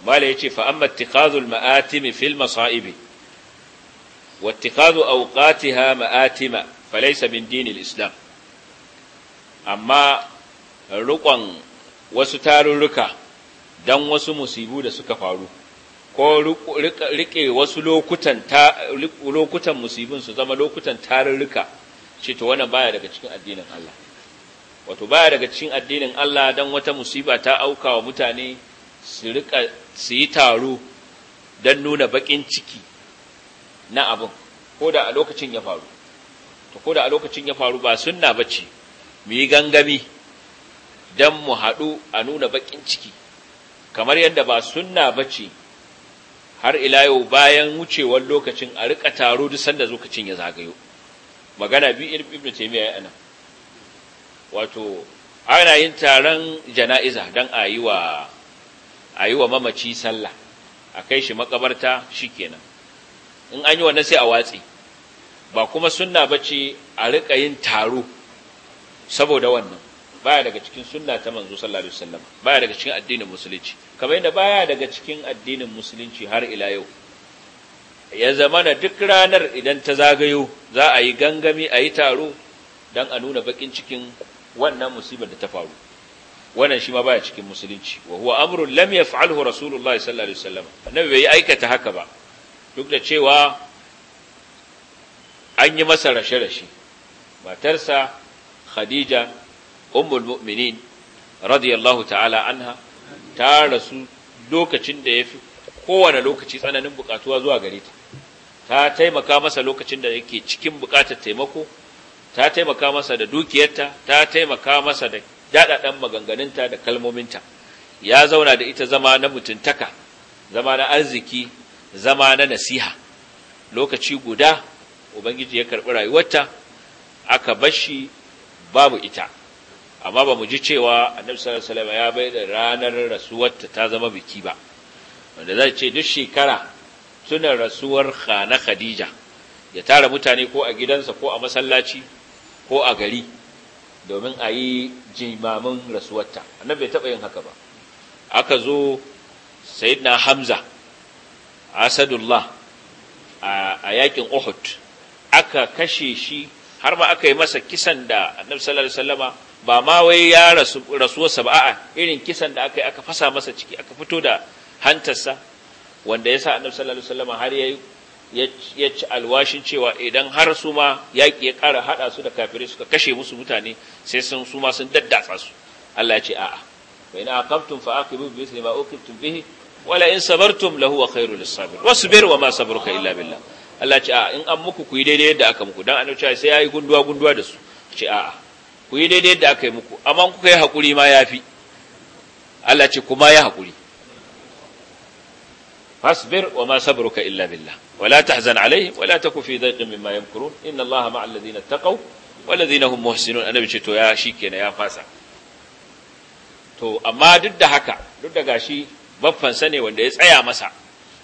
mala yace fa amma ittikhadhul ma'atimi fil masa'ibi wa ittikhadhu awqatiha ma'atima falaysa min dinil islam amma rukon wasu tarurruka don wasu musibu da suka faru ko riƙe wasu lokutan musibin su zama lokutan tarurruka ce to wannan baya daga cikin addinin Allah wato baya daga cikin addinin Allah don wata musiba ta auka wa mutane su su yi taro don nuna baƙin ciki na abin ko da a lokacin ya faru to ko da a lokacin ya faru ba sunna bace mu yi gangami don mu haɗu a nuna baƙin ciki kamar yadda ba sunna bace har ila yau bayan wucewar lokacin a rika taro duk sanda lokacin ya zagayo magana bi ibnu taymiya ya ana wato ana yin taron jana'iza dan ayiwa ayiwa mamaci sallah a kai shi makabarta shikenan in an yi wannan sai a watsi ba kuma sunna bace a rika yin taro saboda wannan baya daga cikin sunna ta manzo sallallahu alaihi wasallam baya daga cikin addinin musulunci kamar yadda baya daga cikin addinin musulunci har ila yau ya zamana duk ranar idan ta zagayo za a yi gangami a yi taro don a nuna bakin cikin wannan musibar da ta faru wannan shi ma baya cikin musulunci wa huwa amrun lam yaf'alhu rasulullahi sallallahu alaihi wasallam annabi bai aikata haka ba duk da cewa an yi masa rashe-rashe matarsa khadija ummul mu'minin radiyallahu ta'ala anha ta rasu lokacin da yafi kowane lokaci tsananin bukatuwa zuwa gare ta ta taimaka masa lokacin da yake cikin bukatar taimako ta taimaka masa da dukiyarta ta taimaka masa da dadadan maganganunta da kalmominta ya zauna da ita zama na mutuntaka zama na arziki zama na nasiha lokaci guda ubangiji ya karbi rayuwarta aka bashi babu ita amma ba mu ji cewa annabi sallallahu alaihi wasallam ya bai da ranar rasuwarta ta zama biki ba wanda zai ce duk shekara suna rasuwar khana khadija ya tara mutane ko a gidansa ko a masallaci ko a gari domin a yi jimamin rasuwarta annabi bai taba yin haka ba aka zo sayyidina hamza asadullah a yakin uhud aka kashe shi har ma aka yi masa kisan da annabi sallallahu alaihi wasallama ba ma wai ya rasu rasuwarsa ba a'a irin kisan da aka yi aka fasa masa ciki aka fito da hantarsa wanda yasa annabi sallallahu alaihi wasallama har yayi ya ci alwashin cewa idan har su ma yaƙi ya ƙara haɗa su da kafirai suka kashe musu mutane sai sun su ma sun daddatsa su Allah ya ce a'a wa in aqabtum fa aqibu bi mithli ma uqibtum bihi wala in sabartum lahu wa sabir wasbir wa ma sabruka illa billah Allah ce a in an muku ku yi daidai yadda aka muku dan annabi sai yayi gunduwa gunduwa da su ce a ku yi daidai yadda aka yi muku amma kuka yi hakuri ma yafi Allah ce kuma ya hakuri fasbir wa ma sabruka illa billah wala tahzan alaihim wala taku fi dhaqin mimma yamkurun inna Allaha ma'al ladina taqaw wal ladina hum muhsinun annabi ce to ya shikenan ya fasa to amma duk da haka duk da gashi baffan ne wanda ya tsaya masa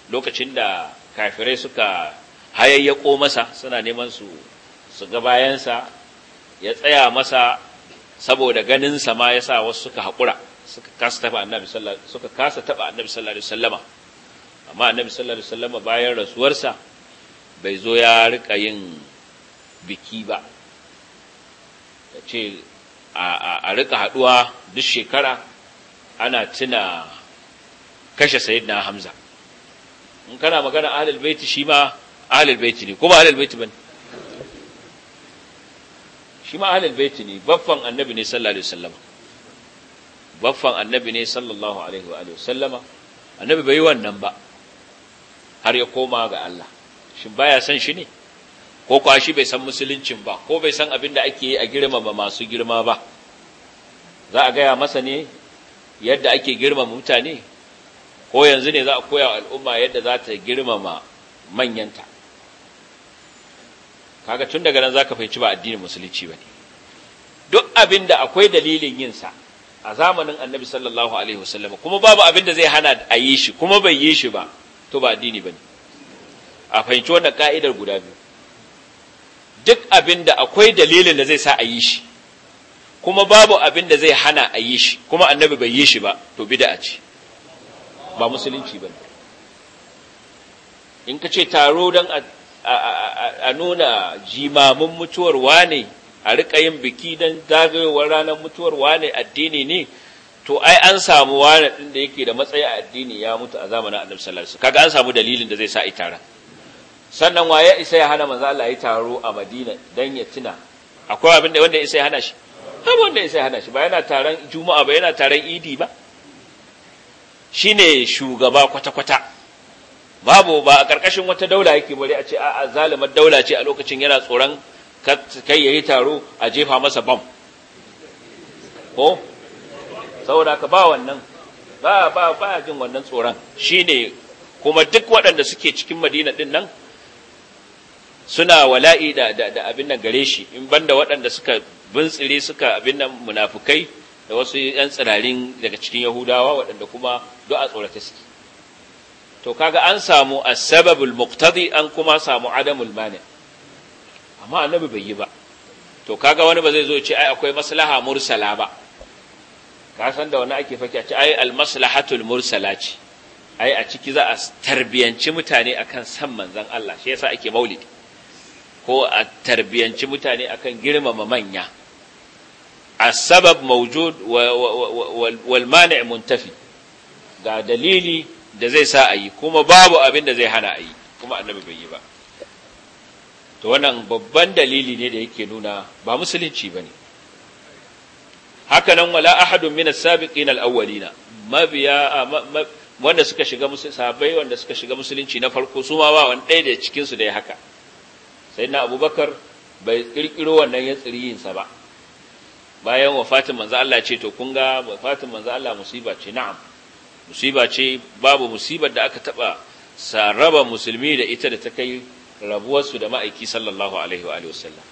lokacin da kafirai suka hayayyako masa suna neman su su ga bayansa ya tsaya masa saboda ganin sa ma yasa wasu suka haƙura suka kasa taɓa annabi sallallahu alaihi wasallama amma annabi sallallahu alaihi wasallama bayan rasuwarsa bai zo ya rika yin biki ba ya ce a rika haɗuwa duk shekara ana tuna kashe Sayyidina hamza in kana magana ahlul baiti shi ma ahlul baiti ne ko ba ahlul baiti bane shi ma ahlul baiti ne baffan annabi ne sallallahu alaihi wasallama baffan annabi ne sallallahu alaihi wa alihi wasallama annabi bai wannan ba har ya koma ga Allah shin baya san shi ne ko kuwa shi bai san musuluncin ba ko bai san abin da ake yi a girmama masu girma ba za a gaya masa ne yadda ake girmama mutane ko yanzu ne za a koya al'umma yadda za ta girmama manyanta kaga tun daga nan zaka fahimci ba addinin musulunci bane duk abin da akwai dalilin yin sa a zamanin annabi sallallahu alaihi wasallam kuma babu abin da zai hana a yi shi kuma bai yi shi ba to ba addini bane a fahimci wannan ka'idar guda biyu duk abin da akwai dalilin da zai sa a yi shi kuma babu abin da zai hana a yi shi kuma annabi bai yi shi ba to bid'a ce ba musulunci bane in ka ce taro don a a nuna jimamin mutuwar wane a riƙa yin biki don zagayowar ranar mutuwar wane addini ne to ai an samu wane ɗin da yake da matsayi a addini ya mutu a zamanin annabi sallallahu alaihi kaga an samu dalilin da zai sa itara sannan waye isa ya hana manzo Allah ya taro a Madina dan ya tuna akwai abin da wanda isa ya hana shi akwai wanda isa ya hana shi ba yana taron juma'a ba yana taron idi ba shine shugaba kwata-kwata babu ba a ƙarƙashin wata daula yake bari a ce a zalimar daula ce a lokacin yana tsoron kai ya yi taro a jefa masa bam ko saboda ka ba wannan ba ba ba jin wannan tsoron shine kuma duk waɗanda suke cikin madina din nan suna wala'i da abin nan gare shi in banda waɗanda suka bintsire suka abin nan munafukai da wasu 'yan tsirarin daga cikin yahudawa waɗanda kuma du'a tsorata suke to kaga an samu Asabab sababul muqtadi an kuma samu adamul mani amma annabi bai yi ba to kaga wani ba zai zo ce ai akwai maslaha mursala ba ka san da wani ake faki aci, ce ai al-maslahatul mursala ce ai a ciki za a tarbiyanci mutane akan san manzon Allah shi yasa ake maulidi ko a tarbiyanci mutane akan girmama manya as-sabab mawjud wal mani' muntafi ga dalili da zai sa a yi kuma babu abin da zai hana a yi kuma annabi bai yi ba to wannan babban dalili ne da yake nuna ba musulunci ba ne haka nan wala ahadun min as-sabiqin al-awwalina mabiya wanda suka shiga musulunci wanda suka shiga musulunci na farko su ma ba wani ɗaya da cikin su da ya haka na abubakar bai kirkiro wannan ya tsiriyin sa ba bayan wafatin manzo Allah ce to kun ga wafatin manzo Allah musiba ce na'am musiba ce babu musibar da aka taba saraba musulmi da ita da ta kai rabuwarsu da ma'aiki sallallahu alaihi wa sallam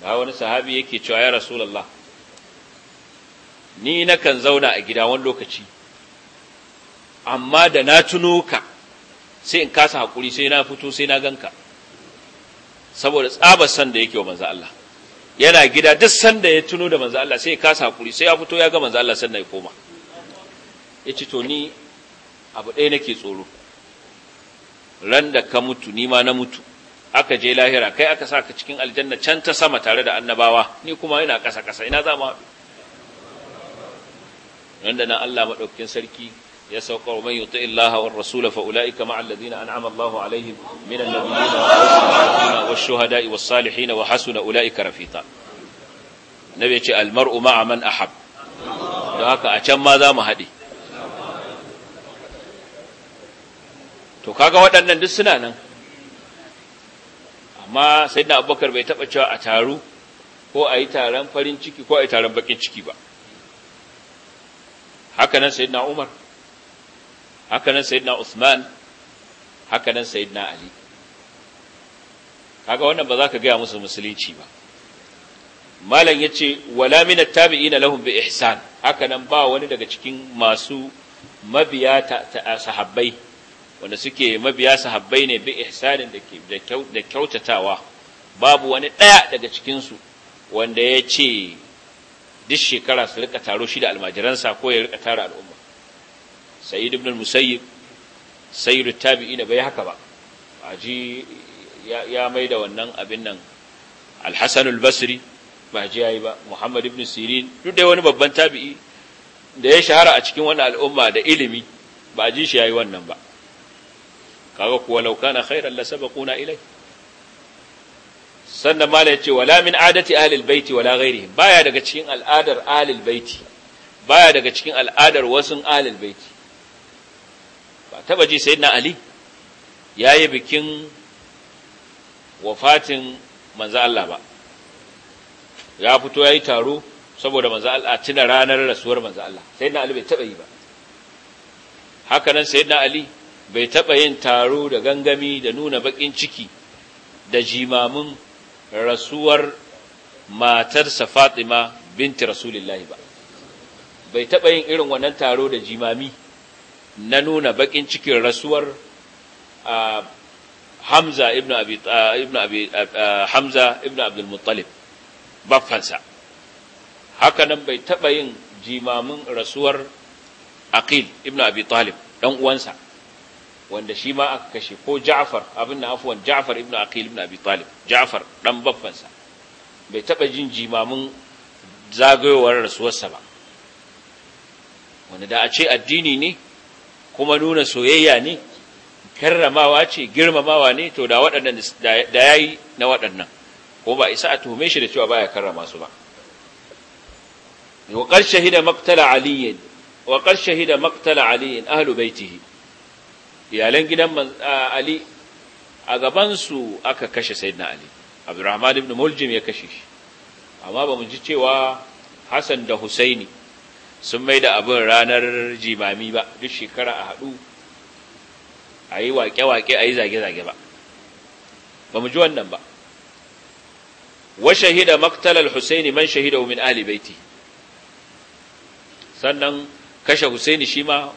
ga wani sahabi yake cewa ya rasulullah ni nakan zauna a gida wani lokaci amma da na tuno ka sai in kasa hakuri sai na fito sai na ganka saboda tsabar san da yake wa manzo Allah yana gida duk sanda ya tuno da manzo Allah sai ya kasa hakuri sai ya fito ya ga manzo Allah sannan ya koma ya ce to ni abu ɗaya nake tsoro ran da ka mutu ni ma na mutu aka je lahira kai aka sa ka cikin aljanna can ta sama tare da annabawa ni kuma ina ƙasa ƙasa ina za mu haɗu ran da nan Allah maɗaukakin sarki ya saukar man yuti illaha war rasul fa ulaika ma'al ladina an'ama Allahu alaihim minan nabiyyin wash shuhada'i was salihin wa hasuna ulaika rafita nabi ya ce al mar'u ma'a man ahab don haka a can ma za mu haɗe to kaga waɗannan duk suna nan amma sai da abubakar bai taɓa cewa a taru ko a yi taron farin ciki ko a yi taron baƙin ciki ba hakanan sai da umar hakanan sai da usman hakanan sai da ali kaga wannan ba za ka gaya musu musulunci ba malam ya ce wala mina tabi'ina lahum bi ihsan haka nan ba wani daga cikin masu mabiya ta sahabbai wanda suke mabiya sahabbai ne bi ihsanin da kyautatawa babu wani ɗaya daga cikin su wanda ya ce duk shekara su rika taro shi da almajiransa ko ya rika tara al'umma sayyid ibn musayyib sayyid tabi'ina bai haka ba a ji ya mai da wannan abin nan alhassan Basri ba ji yayi ba muhammad ibn sirin duk dai wani babban tabi'i da ya shahara a cikin wannan al'umma da ilimi ba ji shi yayi wannan ba kaga kuwa law kana khairan la sabaquna ilai sannan mala yace wala min adati ahlil baiti wala ghairihi baya daga cikin al'adar ahlil baiti baya daga cikin al'adar wasun ahlil baiti ba taba ji sayyidina ali yayi bikin wafatin manzo Allah ba ya fito yayi taro saboda manzo Allah tuna ranar rasuwar manzo Allah sayyidina ali bai taba yi ba haka nan sayyidina ali bai taɓa yin taro da gangami da nuna baƙin ciki da jimamin rasuwar matarsa fatima binti rasulullahi ba bai taɓa yin irin wannan taro da jimami na nuna baƙin cikin rasuwar hamza ibn abi hamza ibn abdul muttalib baffansa haka nan bai taɓa yin jimamin rasuwar aqil ibn abi talib ɗan uwansa wanda shi ma aka kashe ko Ja'far abin na afwan Ja'far ibn Aqil ibn Abi Talib Ja'far dan baffansa. bai taba jin jimamin zagayowar rasuwarsa ba wanda da a ce addini ne kuma nuna soyayya ne karramawa ce girmamawa ne to da waɗannan da yayi na waɗannan ko ba isa a tuhume shi da cewa baya karrama su ba wa qad shahida maqtala ali wa qad shahida maqtala ali ahlu baitihi iyalan gidan ali a gabansu aka kashe sayyidina ali abdurrahman ibn muljim ya kashe shi amma ba mu ji cewa hassan da husaini sun mai da abin ranar jimami ba duk shekara a haɗu a yi waƙe-waƙe a yi zage-zage ba ba mu ji wannan ba wa shahida maktalar husaini man shahida min ali baiti sannan kashe husaini shi ma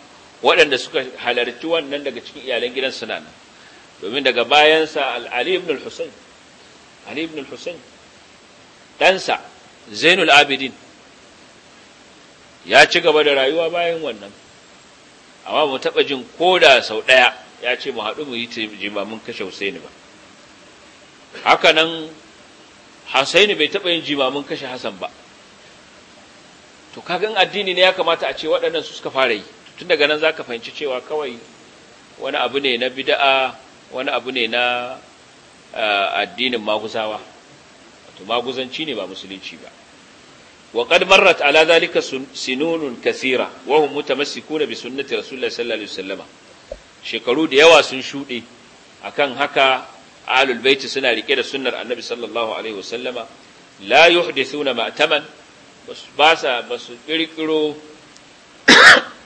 waɗanda suka halarci wannan daga cikin iyalan gidan suna domin daga bayansa ali ibn al-husayn ali ibn al-husayn ɗansa zainul abidin ya ci gaba da rayuwa bayan wannan amma mu taɓa jin koda sau ɗaya ya ce mu haɗu mu yi jimamin kashe husaini ba haka nan husaini bai taɓa yin jimamin kashe hasan ba to kagan addini ne ya kamata a ce waɗannan su suka fara yi tun daga nan za ka fahimci cewa kawai wani abu ne na bida'a wani abu ne na eh, addinin maguzawa wato maguzanci ne ba musulunci ba wa qad marrat ala zalika sinunun kathira wa hum mutamassikuna bi sunnati rasulillahi sallallahu alaihi wasallama shekaru da yawa sun shude akan haka ahlul baiti suna rike da sunnar annabi sallallahu alaihi wasallama la yuhdithuna ma'taman ba sa ba su kirkiro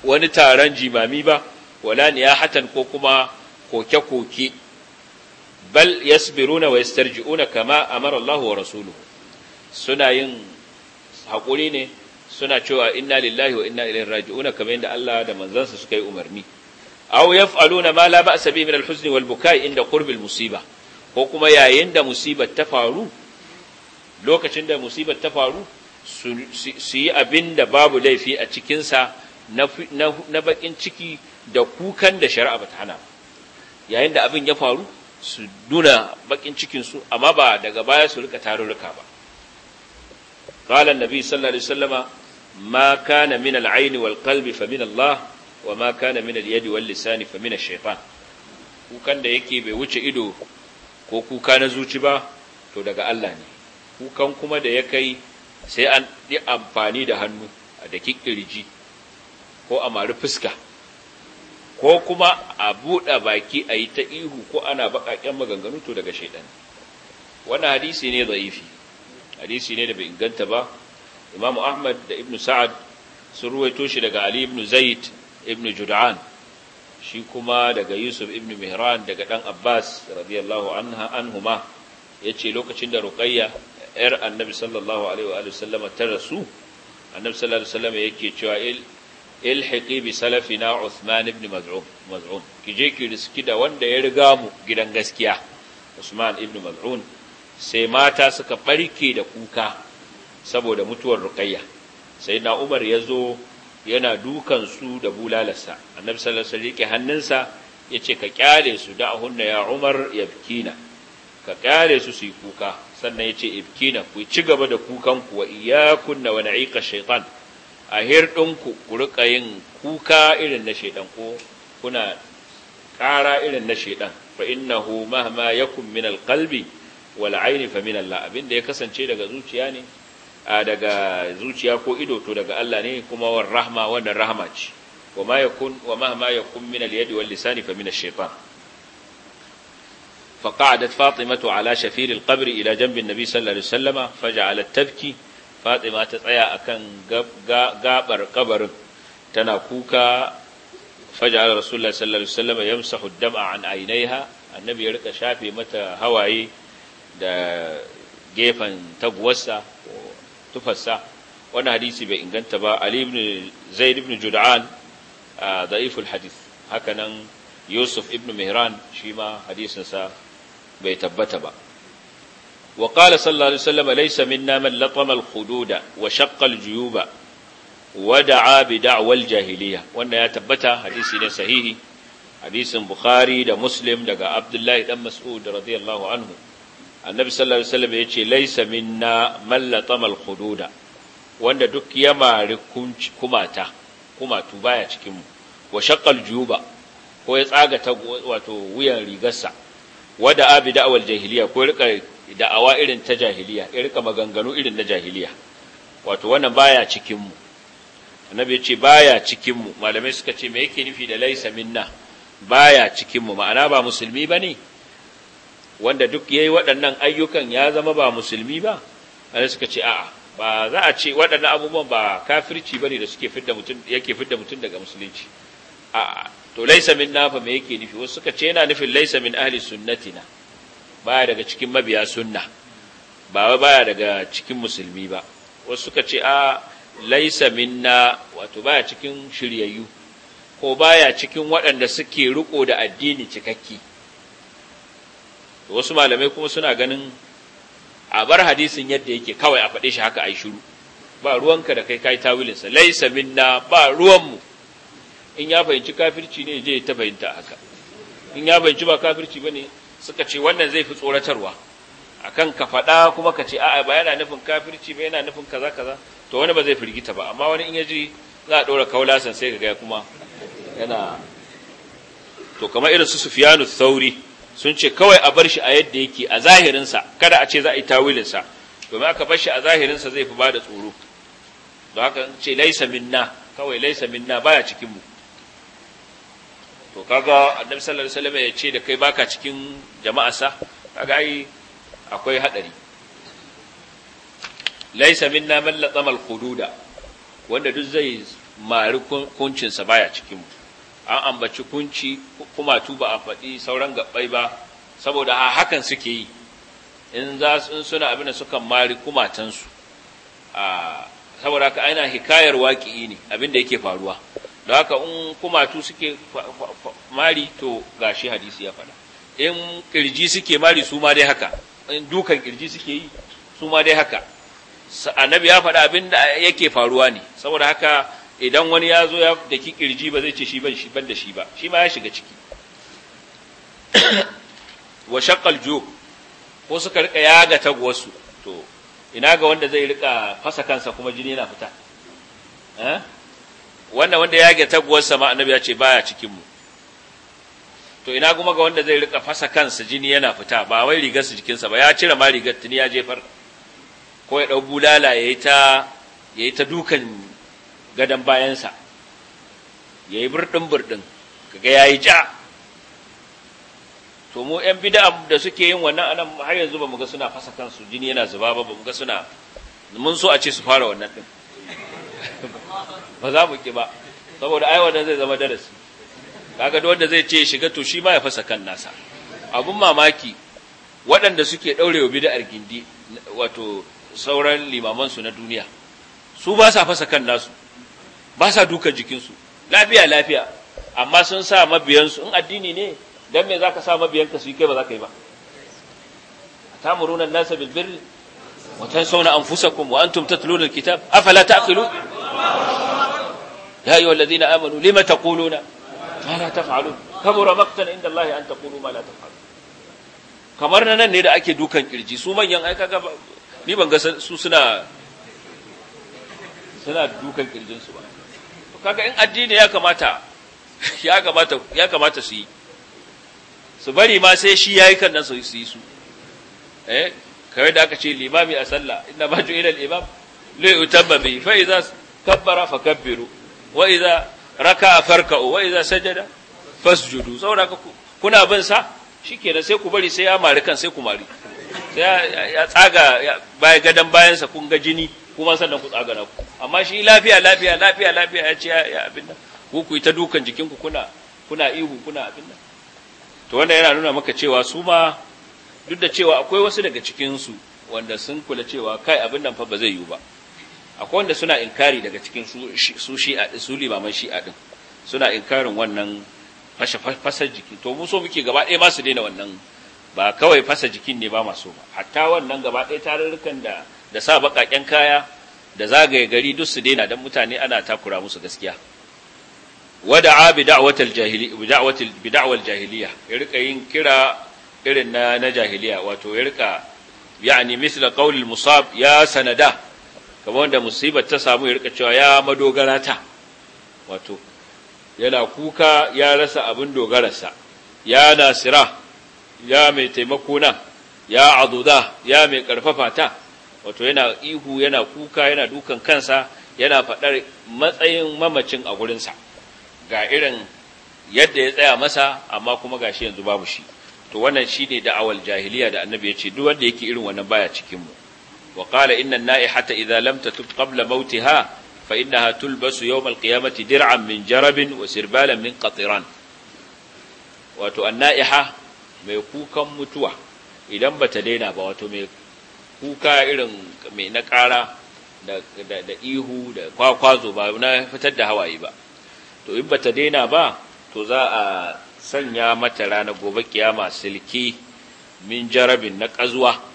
wani taron jimami ba wala niyahatan ko kuma koke-koke bal yasbiruna wa yastarji'una kama amara Allah wa rasuluhu suna yin haƙuri ne suna cewa inna lillahi wa inna ilaihi raji'una kamar yadda Allah da manzansa suka yi umarni aw yaf'aluna ma la ba'sa bihi min al huzni wal bukai inda qurb al-musiba ko kuma yayin da musibar ta faru lokacin da musibar ta faru su yi abin da babu laifi a cikinsa na bakin ciki da kukan da shari'a bata hana yayin da abin ya faru su nuna bakin su amma ba daga baya su rika tarurruka ba qala annabi sallallahu alaihi wasallama ma kana min al-ayn wal qalbi fa min Allah wa ma kana min al-yad wal lisan fa min ash-shaytan kukan da yake bai wuce ido ko kuka na zuci ba to daga Allah ne kukan kuma da ya kai sai an yi amfani da hannu a da ƙirji. ko a mari fuska ko kuma a buɗe baki a yi ta ihu ko ana baƙaƙen maganganu to daga shaidan wannan hadisi ne zaifi hadisi ne da bai inganta ba imamu ahmad da ibnu sa'ad sun ruwaito shi daga ali ibnu zaid ibnu jud'an shi kuma daga yusuf ibnu mihran daga dan abbas radiyallahu anha anhuma yace lokacin da ruqayya yar annabi sallallahu alaihi wa sallama ta rasu annabi sallallahu alaihi wa sallama yake cewa ilhiqi bi salafina Uthman ibn Maz'un Maz'un ki je ki riski da wanda ya riga mu gidan gaskiya Usman ibn Maz'un sai mata suka barke da kuka saboda mutuwar Ruqayya sayyidina Umar zo yana dukan su da bulalarsa annabi sallallahu alaihi wasallam hannunsa yace ka kyale su da hunna ya Umar yabkina ka kyale su su kuka sannan yace ibkina ku ci gaba da kukan ku wa iyyakunna wa na'iqa shaytan a hirɗinku ku riƙa yin kuka irin na shaidan ko kuna ƙara irin na shaidan fa innahu mahma yakun min alqalbi wal aini fa min Allah abinda ya kasance daga zuciya ne daga zuciya ko ido to daga Allah ne kuma war rahma wannan rahma ce wa ma yakun wa mahma yakun min al wal lisani fa min ash-shaytan فقعدت فاطمة على شفير القبر إلى جنب النبي صلى الله عليه وسلم فجعلت تبكي fatima ta tsaya a kan gaɓar kabarin tana kuka faja'al rasulullah sallallahu alaihi wasallam yamsahu dam'a an ha annabi ya rika shafe mata hawaye da gefen taguwarsa tufarsa wannan hadisi bai inganta ba ali zaid ibn jud'an da'iful hadith hakanan yusuf ibn mihran shi ma hadisinsa bai tabbata ba wa qala sallallahu alaihi wasallam laysa minna man latama al-hududa juyuba wa da'a bi da'wal jahiliya ya tabbata hadisi ne sahihi hadisin bukhari da muslim daga abdullahi dan mas'ud radiyallahu anhu annabi sallallahu alaihi wasallam yace laysa minna man latama al-hududa wanda duk ya mari kumata kumatu baya cikin mu wa ko ya tsaga ta wato wuyan rigarsa wada abi da'wal ko rika da'awa irin ta jahiliya ya rika maganganu irin na jahiliya wato wannan baya cikin mu annabi ya ce baya cikin mu malamai suka ce me yake nufi da laisa minna baya cikin mu ma'ana ba musulmi bane wanda duk yayi waɗannan ayyukan ya zama ba musulmi ba annabi suka ce a'a ba za a ce waɗannan abubuwan ba kafirci bane da suke fidda mutum yake fidda mutum daga musulunci a'a to laisa minna fa me yake nufi wasu suka ce yana nufin laisa min ahli sunnatina baya daga cikin mabiya sunna ba baya daga cikin musulmi ba wasu suka ce a laisa minna wato baya cikin shiryayyu ko baya cikin waɗanda suke riko da addini cikakke wasu malamai kuma suna ganin a bar hadisin yadda yake kawai a faɗe shi haka a yi shiru ba ruwanka da kai kai tawilinsa laisa minna ba ruwanmu in ya fahimci kafirci ne je ta fahimta haka in ya fahimci ba kafirci ba ne suka ce wannan zai fi tsoratarwa akan ka faɗa kuma ka ce a'a ba yana nufin kafirci ba yana nufin kaza kaza to wani ba zai firgita ba amma wani in ya ji za a ɗora kaulasan sai ga ga kuma yana to kamar irin su sufiyanu sauri sun ce kawai a bar shi a yadda yake a zahirinsa kada a ce za a yi tawilinsa domin aka bar shi a zahirinsa zai fi ba da tsoro don haka ce laisa minna kawai laisa minna baya cikinmu to kaga annabi sallallahu alaihi wasallam ya ce da kai baka cikin jama'arsa kaga ai akwai hadari laysa minna man latama al-hududa wanda duk zai mari kuncin sa baya cikin mu an ambaci kunci kuma tu ba a faɗi sauran gabbai ba saboda a hakan suke yi in za in suna abin da suka mari kumatansu a ah, saboda ka aina hikayar waƙi ne abin da yake faruwa da haka in kumatu suke mari to gashi hadisi ya faɗa in kirji suke mari su ma dai haka in dukan kirji suke yi su ma dai haka annabi ya fada abin da yake faruwa ne saboda haka idan wani ya zo ya daki kirji ba zai ce shi ban shi ban da shi ba shi ma ya shiga ciki wa shaqqal ju ko suka rika yaga tagwasu to ina ga wanda zai rika fasa kansa kuma jini yana fita eh wannan wanda ya yage taguwarsa ma annabi ya ce baya cikin mu to ina kuma ga wanda zai rika fasa kansa jini yana fita ba wai rigar su jikinsa ba ya cire ma rigar tuni ya jefar ko ya dau bulala yayi ta yayi ta dukan gadan bayansa yayi burdin burdin kaga yayi ja to mu yan bid'a da suke yin wannan anan har yanzu ba mu ga suna fasa kansu jini yana zuba ba mu ga suna mun so a ce su fara wannan din ba za mu ki ba saboda ai wannan zai zama darasi kaga duk wanda zai ce shiga to shi ma ya fasa kan nasa abun mamaki waɗanda suke daurewa bid'ar gindi wato sauran limaman su na duniya su ba sa fasa kan nasu ba sa jikin jikinsu lafiya lafiya amma sun sa mabiyansu in addini ne dan me zaka sa ka su yi kai ba za ka yi ba tamuruna an-nasa bil birri wa tansawna anfusakum wa antum tatluna al-kitab afala ta'qilun ya ayyuha allazina amanu lima taquluna ma la taf'alun kabura maqtan inda Allah an taqulu ma la taf'alun kamar na nan ne da ake dukan kirji su manyan ai kaga ni ban ga su suna suna dukan kirjin su ba to kaga in addini ya kamata ya kamata ya kamata su yi su bari ma sai shi yayi kan nan su yi su eh kawai da aka ce limami a sallah inna ma ju'ila al-imam li yutamma fa idza kabbara fa kabbiru wa idza raka'a farka'u wa idza sajada fasjudu saboda kuna bin sa shikenan sai ku bari sai ya mari kan sai ku mari sai ya tsaga baya gadan bayansa kun ga jini kuma sannan ku tsaga naku amma shi lafiya lafiya lafiya lafiya ya ce ya abin nan ku ku yi ta dukan jikinku kuna kuna ihu kuna abin nan to wanda yana nuna maka cewa su ma duk da cewa akwai wasu daga cikinsu wanda sun kula cewa kai abin nan fa ba zai yiwu ba akwai wanda suna inkari daga cikin su shi'a su limaman shi'a din suna inkarin wannan fashe fasar jiki to mu so muke gaba ɗaya masu daina wannan ba kawai fasa jikin ne ba maso ba hatta wannan gaba ɗaya tarurrukan da da sa baƙaƙen kaya da zagaye gari duk su daina dan mutane ana takura musu gaskiya wada'a bi da'watil jahili bi da'watil jahiliya ya rika yin kira irin na na jahiliya wato ya rika yani misla qaulil musab ya sanada kamar wanda musibar ta samu ya rika cewa ya madogara ta wato yana kuka ya rasa abin dogararsa ya nasira ya mai taimako na ya aduda ya mai karfafa ta wato yana ihu yana kuka yana dukan kansa yana faɗar matsayin mamacin a gurinsa ga irin yadda ya tsaya masa amma kuma ga shi yanzu babu shi to wannan shine awal jahiliya da annabi ya ce duk wanda yake irin wannan baya cikin mu wa qala inna an-na'ihata idza lam tatub qabla mautiha fa innaha tulbasu yawm al-qiyamati dir'an min jarabin wa min qatiran wato an-na'iha mai kukan mutuwa idan bata daina ba wato mai kuka irin mai na kara da ihu da kwakwazo ba na fitar da hawaye ba to in bata daina ba to za a sanya mata ranar gobe ƙiyama silki min jarabin na ƙazuwa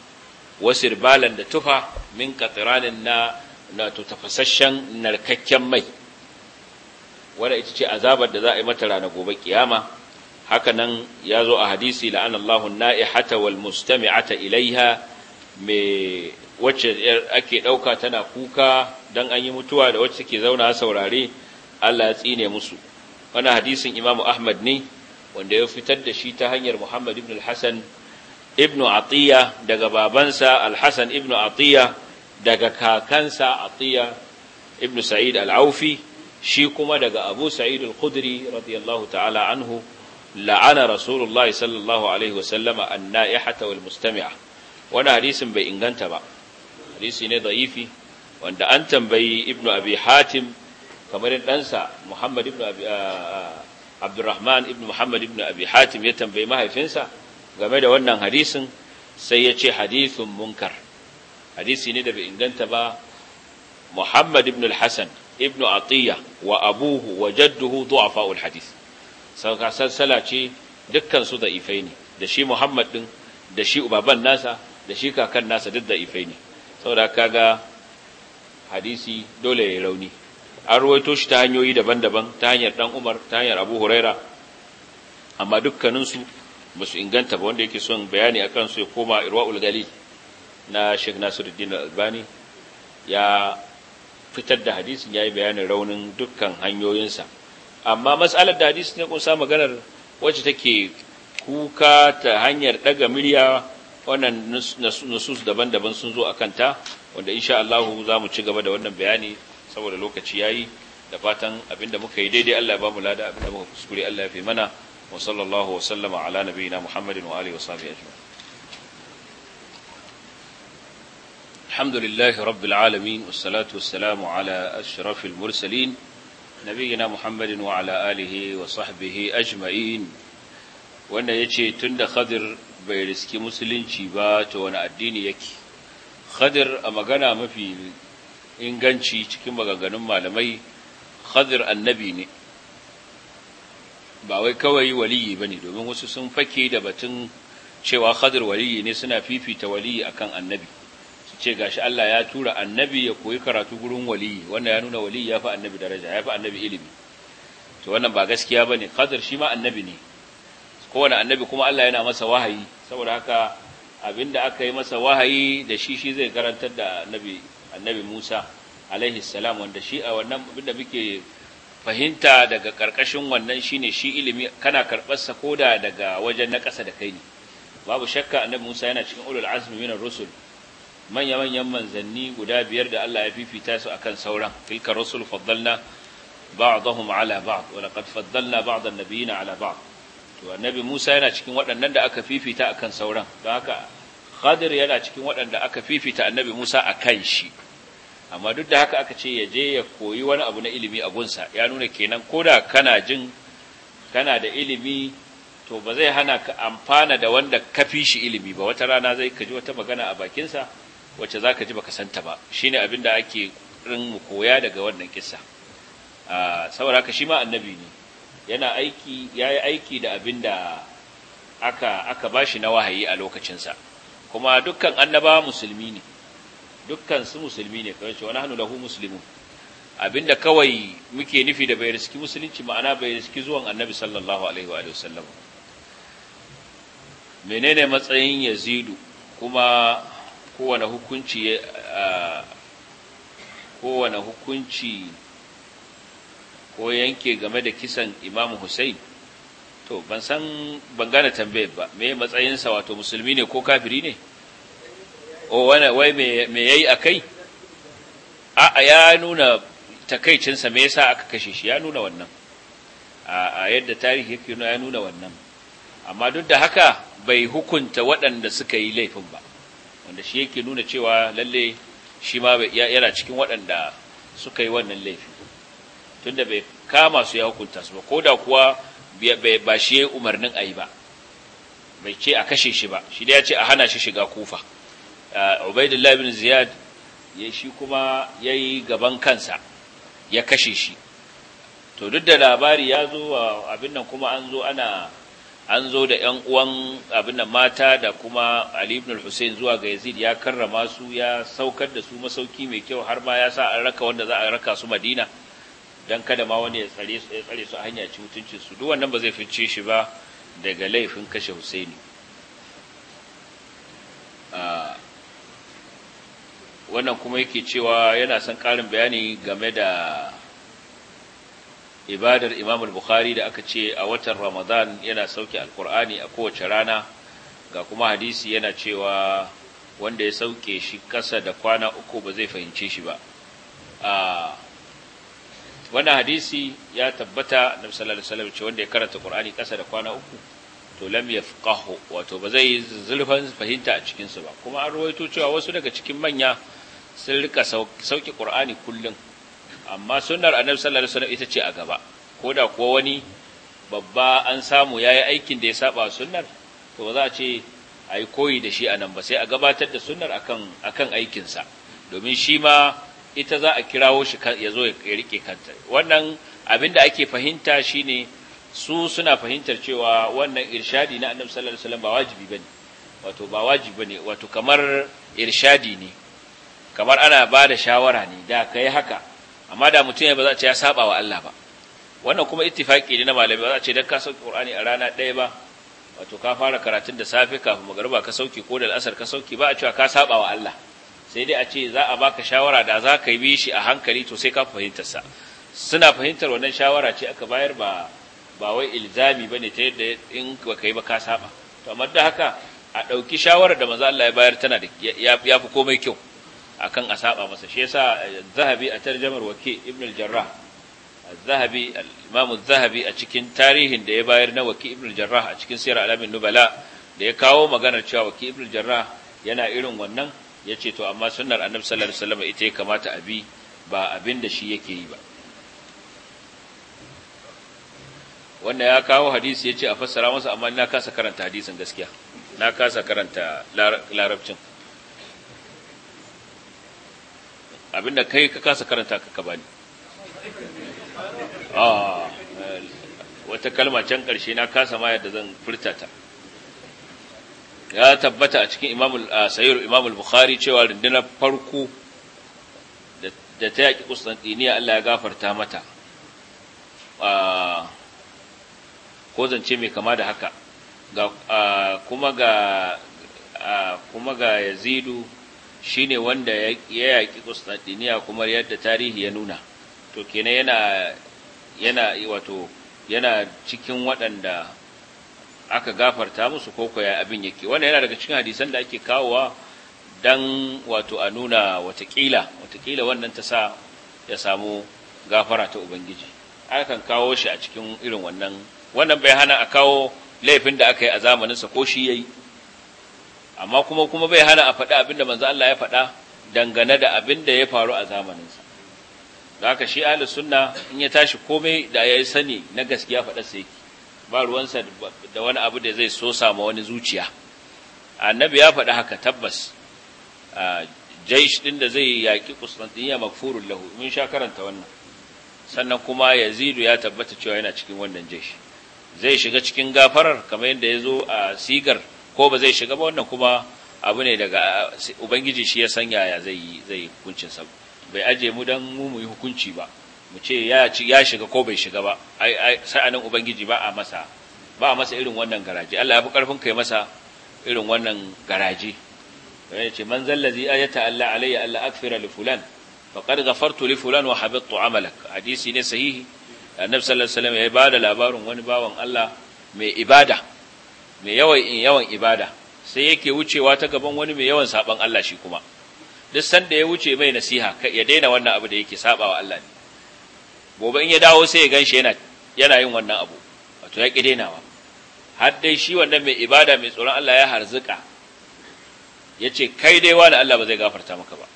wasir balan da tufa min katiranin na na tafasasshen narkakken mai wadda ita ce azabar da za a yi mata rana gobe kiyama nan ya zo a hadisi la'an na'ihata wal mustami'ata ilaiha mai wacce ake ɗauka tana kuka don an yi mutuwa da wacce ke zauna a saurare Allah ya tsine musu wani hadisin imamu Ahmad ne wanda ya fitar da shi ta hanyar Muhammad ibn al-Hassan ibnu atiya daga babansa alhassan ibnu atiya daga kakansa atiya ibnu sa'id aufi shi kuma daga abu sa'id al radiyallahu ta'ala anhu la'ana rasulullah sallallahu alaihi wasallama an-na'ihata wal mustami'a wani hadisin bai inganta ba hadisi ne da'ifi wanda an tambayi ibnu abi hatim kamar ɗansa muhammad ibnu ah, ah, abdurrahman ibnu muhammad ibnu abi hatim ya tambayi mahaifinsa game da wannan hadisin sai ya ce hadithun munkar hadisi ne da bai inganta ba muhammad ibn al-hasan ibn atiyya wa abuhu wa jadduhu du'afa'ul hadith sauka sassala ce dukkan su da'ifai ne da shi muhammad din da shi ubaban nasa da shi kakan nasa duk da'ifai ne saboda kaga hadisi dole ya rauni an ruwaito shi ta hanyoyi daban-daban ta hanyar dan umar ta hanyar abu huraira amma dukkaninsu ba su inganta ba wanda yake son bayani a kansu ya koma irwa'ul galil na sheikh nasiruddin albani ya fitar da hadisin ya yi bayanin raunin dukkan hanyoyinsa amma matsalar da hadisin ya kunsa maganar wacce take kuka ta hanyar ɗaga miliya wannan nusus daban-daban sun zo a kanta wanda insha Allah za mu ci gaba da wannan bayani saboda lokaci ya yi da fatan abinda muka yi daidai Allah ya ba mu lada abinda muka kuskure Allah ya fi mana wa sallallahu wa sallama ala muhammadin wa alihi wa sahbihi ajma'in alhamdulillahi rabbil alamin wassalatu wassalamu ala ashrafil mursalin nabiyina muhammadin wa alihi wa sahbihi ajma'in wanda yace tunda khadir bai riski musulunci ba to wani addini yake khadir a magana mafi inganci cikin maganganun malamai khadir annabi ne ba wai kawai waliyi ne domin wasu sun fake da batun cewa khadir waliyi ne suna fifita waliyi akan annabi su ce gashi Allah ya tura annabi ya koyi karatu gurin waliyi wanda ya nuna waliyi ya fi annabi daraja ya fi annabi ilimi to wannan ba gaskiya ba ne khadir shi ma annabi ne kowane annabi kuma Allah yana masa wahayi saboda haka abin da aka yi masa wahayi da shi shi zai karantar da annabi annabi Musa alaihi salam wanda shi a wannan da muke fahimta daga ƙarƙashin wannan shine shi ilimi kana karɓarsa koda daga wajen na ƙasa da kai ne babu shakka annabi Musa yana cikin ulul azmi minar rusul manya manyan manzanni guda biyar da Allah ya fifita su akan sauran tilka rusul faddalna ba'dahum ala ba'd wa laqad faddalna ba'd an-nabiyina ala ba'd to annabi Musa yana cikin waɗannan da aka fifita akan sauran don haka Khadir yana cikin waɗanda aka fifita annabi Musa akan shi amma duk da haka aka ce ya je ya koyi wani abu na ilimi a gunsa ya nuna kenan ko da kana jin kana da ilimi to ba zai hana ka amfana da wanda ka fi shi ilimi ba wata rana zai ka ji wata magana a bakinsa wacce za ka ji baka santa ba shi ne abin da ake rin mu koya daga wannan kisa saboda haka shi ma annabi ne yana aiki ya yi aiki da abin da aka aka shi na wahayi a lokacinsa kuma dukkan annabawa musulmi ne dukkan su musulmi ne kawai wa nahnu lahu muslimun abinda kawai muke nufi da bai riski musulunci ma'ana bai zuwan annabi sallallahu alaihi wa sallam menene matsayin yazidu kuma kowane hukunci kowane hukunci ko yanke game da kisan imamu husayn to ban san ban gane tambayar ba me matsayinsa wato musulmi ne ko kafiri ne wai me yayi akai a ya nuna takaicinsa me yasa aka kashe shi ya nuna wannan a yadda tarihi yake ya nuna wannan amma duk da haka bai hukunta waɗanda suka yi laifin ba wanda shi yake nuna cewa lalle shi ma yana cikin waɗanda suka yi wannan laifi tunda bai kama su ya hukunta su ba ko da kuwa ba shi ya umarnin a yi ba bai ce a kashe shi ba shi da ya ce a hana shi shiga kufa Uh, Ubaidullah ibn Ziyad ya shi kuma yayi gaban kansa ya kashe shi to duk da labari ya zo abin nan kuma an zo ana an zo da 'yan uwan abin nan mata da kuma Ali ibn al zuwa ga Yazid ya karrama su ya saukar da su masauki mai kyau har ma ya sa an raka wanda za a raka su Madina dan kada ma wani ya tsare su a hanya ci mutuncin su duk wannan ba zai fice shi ba daga laifin kashe Husaini wannan kuma yake cewa yana son ƙarin bayani game da ibadar imamul bukhari da aka ce a watan ramadan yana sauke alkur'ani a kowace rana ga kuma hadisi yana cewa wanda ya sauke shi ƙasa da kwana uku ba zai fahimce shi ba wannan hadisi ya tabbata na sallallahu Salam ce wanda ya karanta ƙur'ani, ƙasa da kwana uku to lam yafqahu wato ba zai zulfan fahimta a cikinsu ba kuma an ruwaito cewa wasu daga cikin manya sun rika sauki ƙur'ani kullum amma sunar annabi sallallahu alaihi wasallam ita ce a gaba ko da kuwa wani babba an samu yayi aikin da ya saba sunnar to ba za a ce ai koyi da shi anan ba sai a gabatar da sunnar akan akan aikin sa domin shi ma ita za a kirawo shi ya zo ya rike kanta wannan abinda ake fahimta shine su suna fahimtar cewa wannan irshadi na annabi sallallahu alaihi wasallam ba wajibi bane wato ba wajibi bane wato kamar irshadi ne kamar ana ba da shawara ne da ka yi haka amma da mutum ya ba za a ce ya saba wa Allah ba wannan kuma ittifaki ne na malami ba za a ce dan ka sauki Qur'ani a rana ɗaya ba wato ka fara karatun da safe kafin magariba ka sauki ko da al'asar ka sauki. ba a cewa ka saba wa Allah sai dai a ce za a baka shawara da za ka bi shi a hankali to sai ka fahimtar sa suna fahimtar wannan shawara ce aka bayar ba ba wai ilzami bane ta yadda in ba kai ba ka saba to amma da haka a ɗauki shawarar da maza Allah ya bayar tana da ya fi komai kyau akan a saba masa shi yasa eh, zahabi a tarjamar waki ibn al-jarrah zahabi al-imam zahabi a cikin tarihin da ya bayar na waki ibn al-jarrah a cikin sirar alamin nubala da ya kawo maganar cewa waki ibn al-jarrah yana irin wannan yace to amma sunnar annabi sallallahu alaihi wasallam ita ya kamata a bi ba abin da shi yake yi ba wanda ya kawo hadisi yace a fassara masa amma na kasa karanta hadisin gaskiya na kasa karanta larabcin abinda kai ka kasa karanta ka ka bani ah wata kalma can ƙarshe na kasa ma yadda zan furta ta ya tabbata a cikin imamul sayyid imamul bukhari cewa rundunar farko da ta yaki Constantiniya Allah ya gafarta mata ah, ko zance mai kama da haka ah, kuma ga ah, kuma ga Yazidu Shi ne wanda ya yaƙi Constantinople kuma yadda tarihi ya nuna to kenan yana yana wato yana cikin waɗanda aka gafarta musu koko ya abin yake wannan yana daga cikin hadisan da ake kawowa don wato a nuna watakila watakila wannan ta sa ya samu gafara ta ubangiji akan kawo shi a cikin irin wannan wannan bai hana a kawo laifin da aka yi a zamaninsa ko shi yayi amma kuma kuma bai hana a faɗi abinda manzo Allah ya faɗa dangane da abinda ya faru a zamaninsa sa haka shi ahlus sunna in ya tashi komai da ya sani na gaskiya faɗa sai ba ruwansa da wani abu da zai so sama wani zuciya annabi ya faɗi haka tabbas jaish din da zai yaki Constantiniya makfurul lahu mun sha karanta wannan sannan kuma Yazidu ya tabbata cewa yana cikin wannan jaish zai shiga cikin gafarar kamar yadda ya zo a sigar ko ba zai shiga ba wannan kuma abu ne daga ubangiji shi ya san yaya zai yi zai hukuncin sa bai aje mu dan mu mu yi hukunci ba mu ce ya ci ya shiga ko bai shiga ba ai anan ubangiji ba a masa ba a masa irin wannan garaje Allah ya fi karfin kai masa irin wannan garaje ya ce man zallazi ayata Allah alayya Allah akfira li fulan faqad ghafartu li fulan wa habittu amalak hadisi ne sahihi annabi sallallahu alaihi wasallam ya bada labarin wani bawan Allah mai ibada mai yawan yawan ibada sai yake wucewa ta gaban wani mai yawan saban Allah shi kuma duk sanda ya wuce mai nasiha ya daina wannan abu da yake sabawa Allah ne gobe in ya dawo sai ya ganshi yana yana yin wannan abu wato ya ki dainawa har dai shi wannan mai ibada mai tsoron Allah ya harzuka yace kai dai wani Allah ba zai gafarta maka ba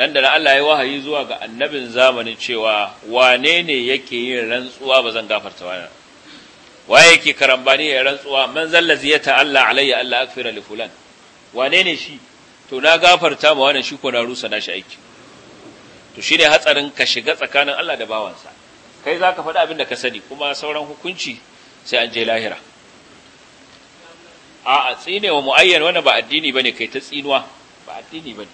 nan da Allah ya wahayi zuwa ga annabin zamanin cewa wane ne yake yin rantsuwa ba zan gafarta wani waye ke karambani ya rantsuwa man zallazi ya ta'alla alayya Allah akfira li fulan wane ne shi to na gafarta ma wannan shi ko na rusa na shi aiki to shi ne hatsarin ka shiga tsakanin Allah da bawansa kai zaka faɗi abin da ka sani kuma sauran hukunci sai an je lahira a a tsine wa muayyan wannan ba addini bane kai ta tsinuwa ba addini bane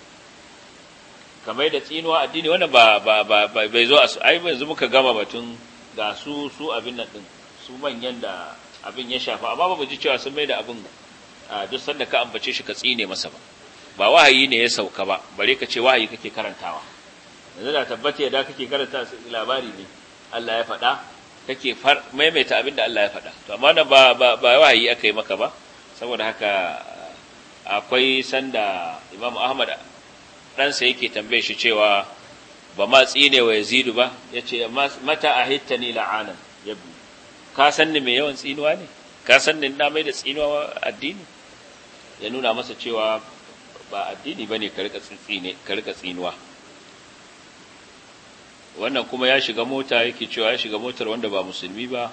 kamar da tsinuwa addini wannan ba ba bai zo a ai yanzu muka gama batun ga su su abin nan din su manyan da abin ya shafa amma ba mu ji cewa sun mai da abin duk sanda ka ambace shi ka tsine masa ba ba wahayi ne ya sauka ba bare ka ce wahayi kake karantawa yanzu da tabbata da kake karanta labari ne Allah ya faɗa kake maimaita abin da Allah ya fada to amma da ba ba wahayi aka yi maka ba saboda haka akwai sanda Imam Ahmad ɗansa yake tambaye shi cewa ba ma tsine wa Yazidu ba yace mata ahittani la'anan yabni ka san ni mai yawan tsinuwa ne ka san ni na mai da tsinuwa addini ya nuna masa cewa ba addini bane ka rika ka rika tsinuwa wannan kuma ya shiga mota yake cewa ya shiga motar wanda ba musulmi ba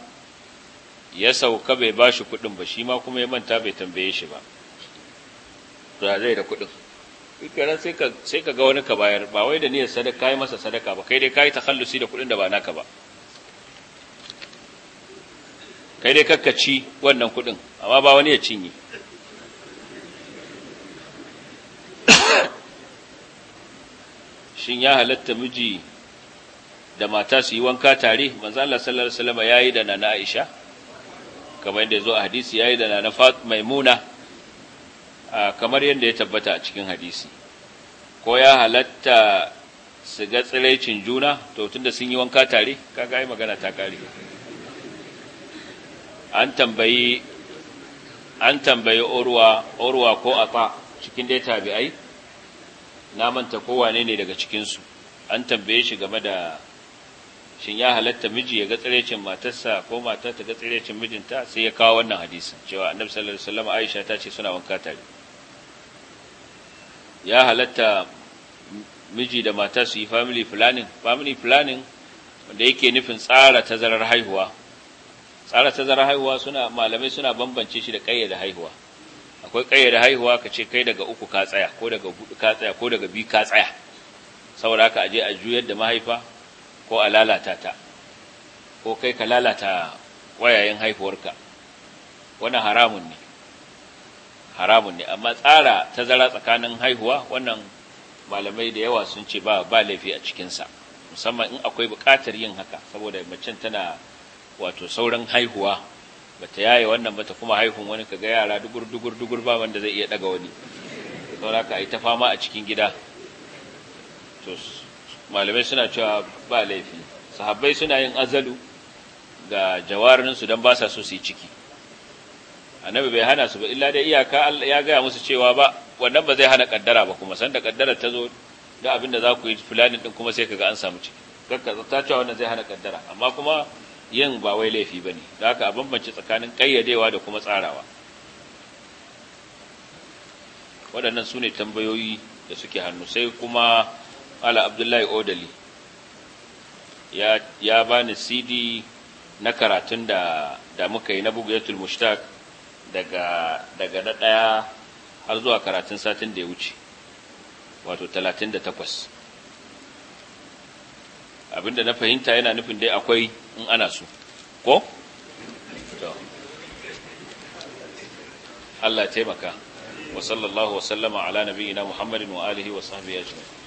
ya sauka bai ba shi kuɗin ba shi ma kuma ya manta bai tambaye shi ba da zai da kuɗin ikira sai ka sai ka ga wani ka bayar ba wai da niyyar sadaka kai masa sadaka ba kai dai kai takhallusi da kuɗin da ba naka ba kai dai kakkaci wannan kuɗin amma ba wani ya cinye shin ya halatta miji da mata su yi wanka tare manzo Allah sallallahu alaihi wasallam yayi da nana Aisha kamar yadda zo a hadisi yayi da nana Fatima Maimuna kamar yadda ya tabbata a cikin hadisi ko ya halatta su ga tsiraicin juna to tunda sun yi wanka tare kaga ai magana ta kare an tambayi an tambayi urwa urwa ko ata cikin dai tabi'ai na manta ko wane ne daga cikin su an tambaye shi game da shin ya halatta miji ya ga tsirecin matarsa ko mata ta ga tsirecin mijinta sai ya kawo wannan hadisin cewa annabi sallallahu alaihi wasallam Aisha ta ce suna wanka tare ya halatta miji da mata su yi family planning family planning wanda yake nufin tsara tazarar haihuwa tsara tazarar haihuwa suna malamai suna bambance shi da kayyada haihuwa akwai kayyada haihuwa ka ce kai daga uku ka tsaya ko daga hudu ka tsaya ko daga biyu ka tsaya saboda haka aje a juyar da mahaifa ko a lalata ta ko kai ka lalata wayayen haihuwarka wannan haramun ne haramun ne amma tsara tazara tsakanin haihuwa wannan malamai da yawa sun ce ba ba laifi a cikinsa musamman in akwai buƙatar yin haka saboda macen tana wato sauran haihuwa bata yaye wannan ta kuma haihun wani ka ga yara dugur dugur dugur ba wanda zai iya daga wani saboda ka ai ta fama a cikin gida to malamai suna cewa ba laifi sahabbai suna yin azalu ga jawarin su dan ba sa so su yi ciki annabi bai hana su ba illa dai iyaka Allah ya gaya musu cewa ba wannan ba zai hana kaddara ba kuma san da kaddara ta zo da abin da za ku yi fulani din kuma sai kaga an samu ciki kakka ta cewa wannan zai hana kaddara amma kuma yin ba wai laifi ba ne da aka a tsakanin ƙayyadewa da kuma tsarawa waɗannan su ne tambayoyi da suke hannu sai kuma ala abdullahi odali ya, ya ba ni cd na karatun da, muka yi na bugayatul mushtaq daga, daga na ɗaya har zuwa karatun satin da ya wuce wato takwas. Abin da na fahimta yana nufin dai akwai in ana so ko Allah taimaka wa sallallahu wa sallama ala nabiyyina Muhammadin wa alihi wa sahbihi ajma'in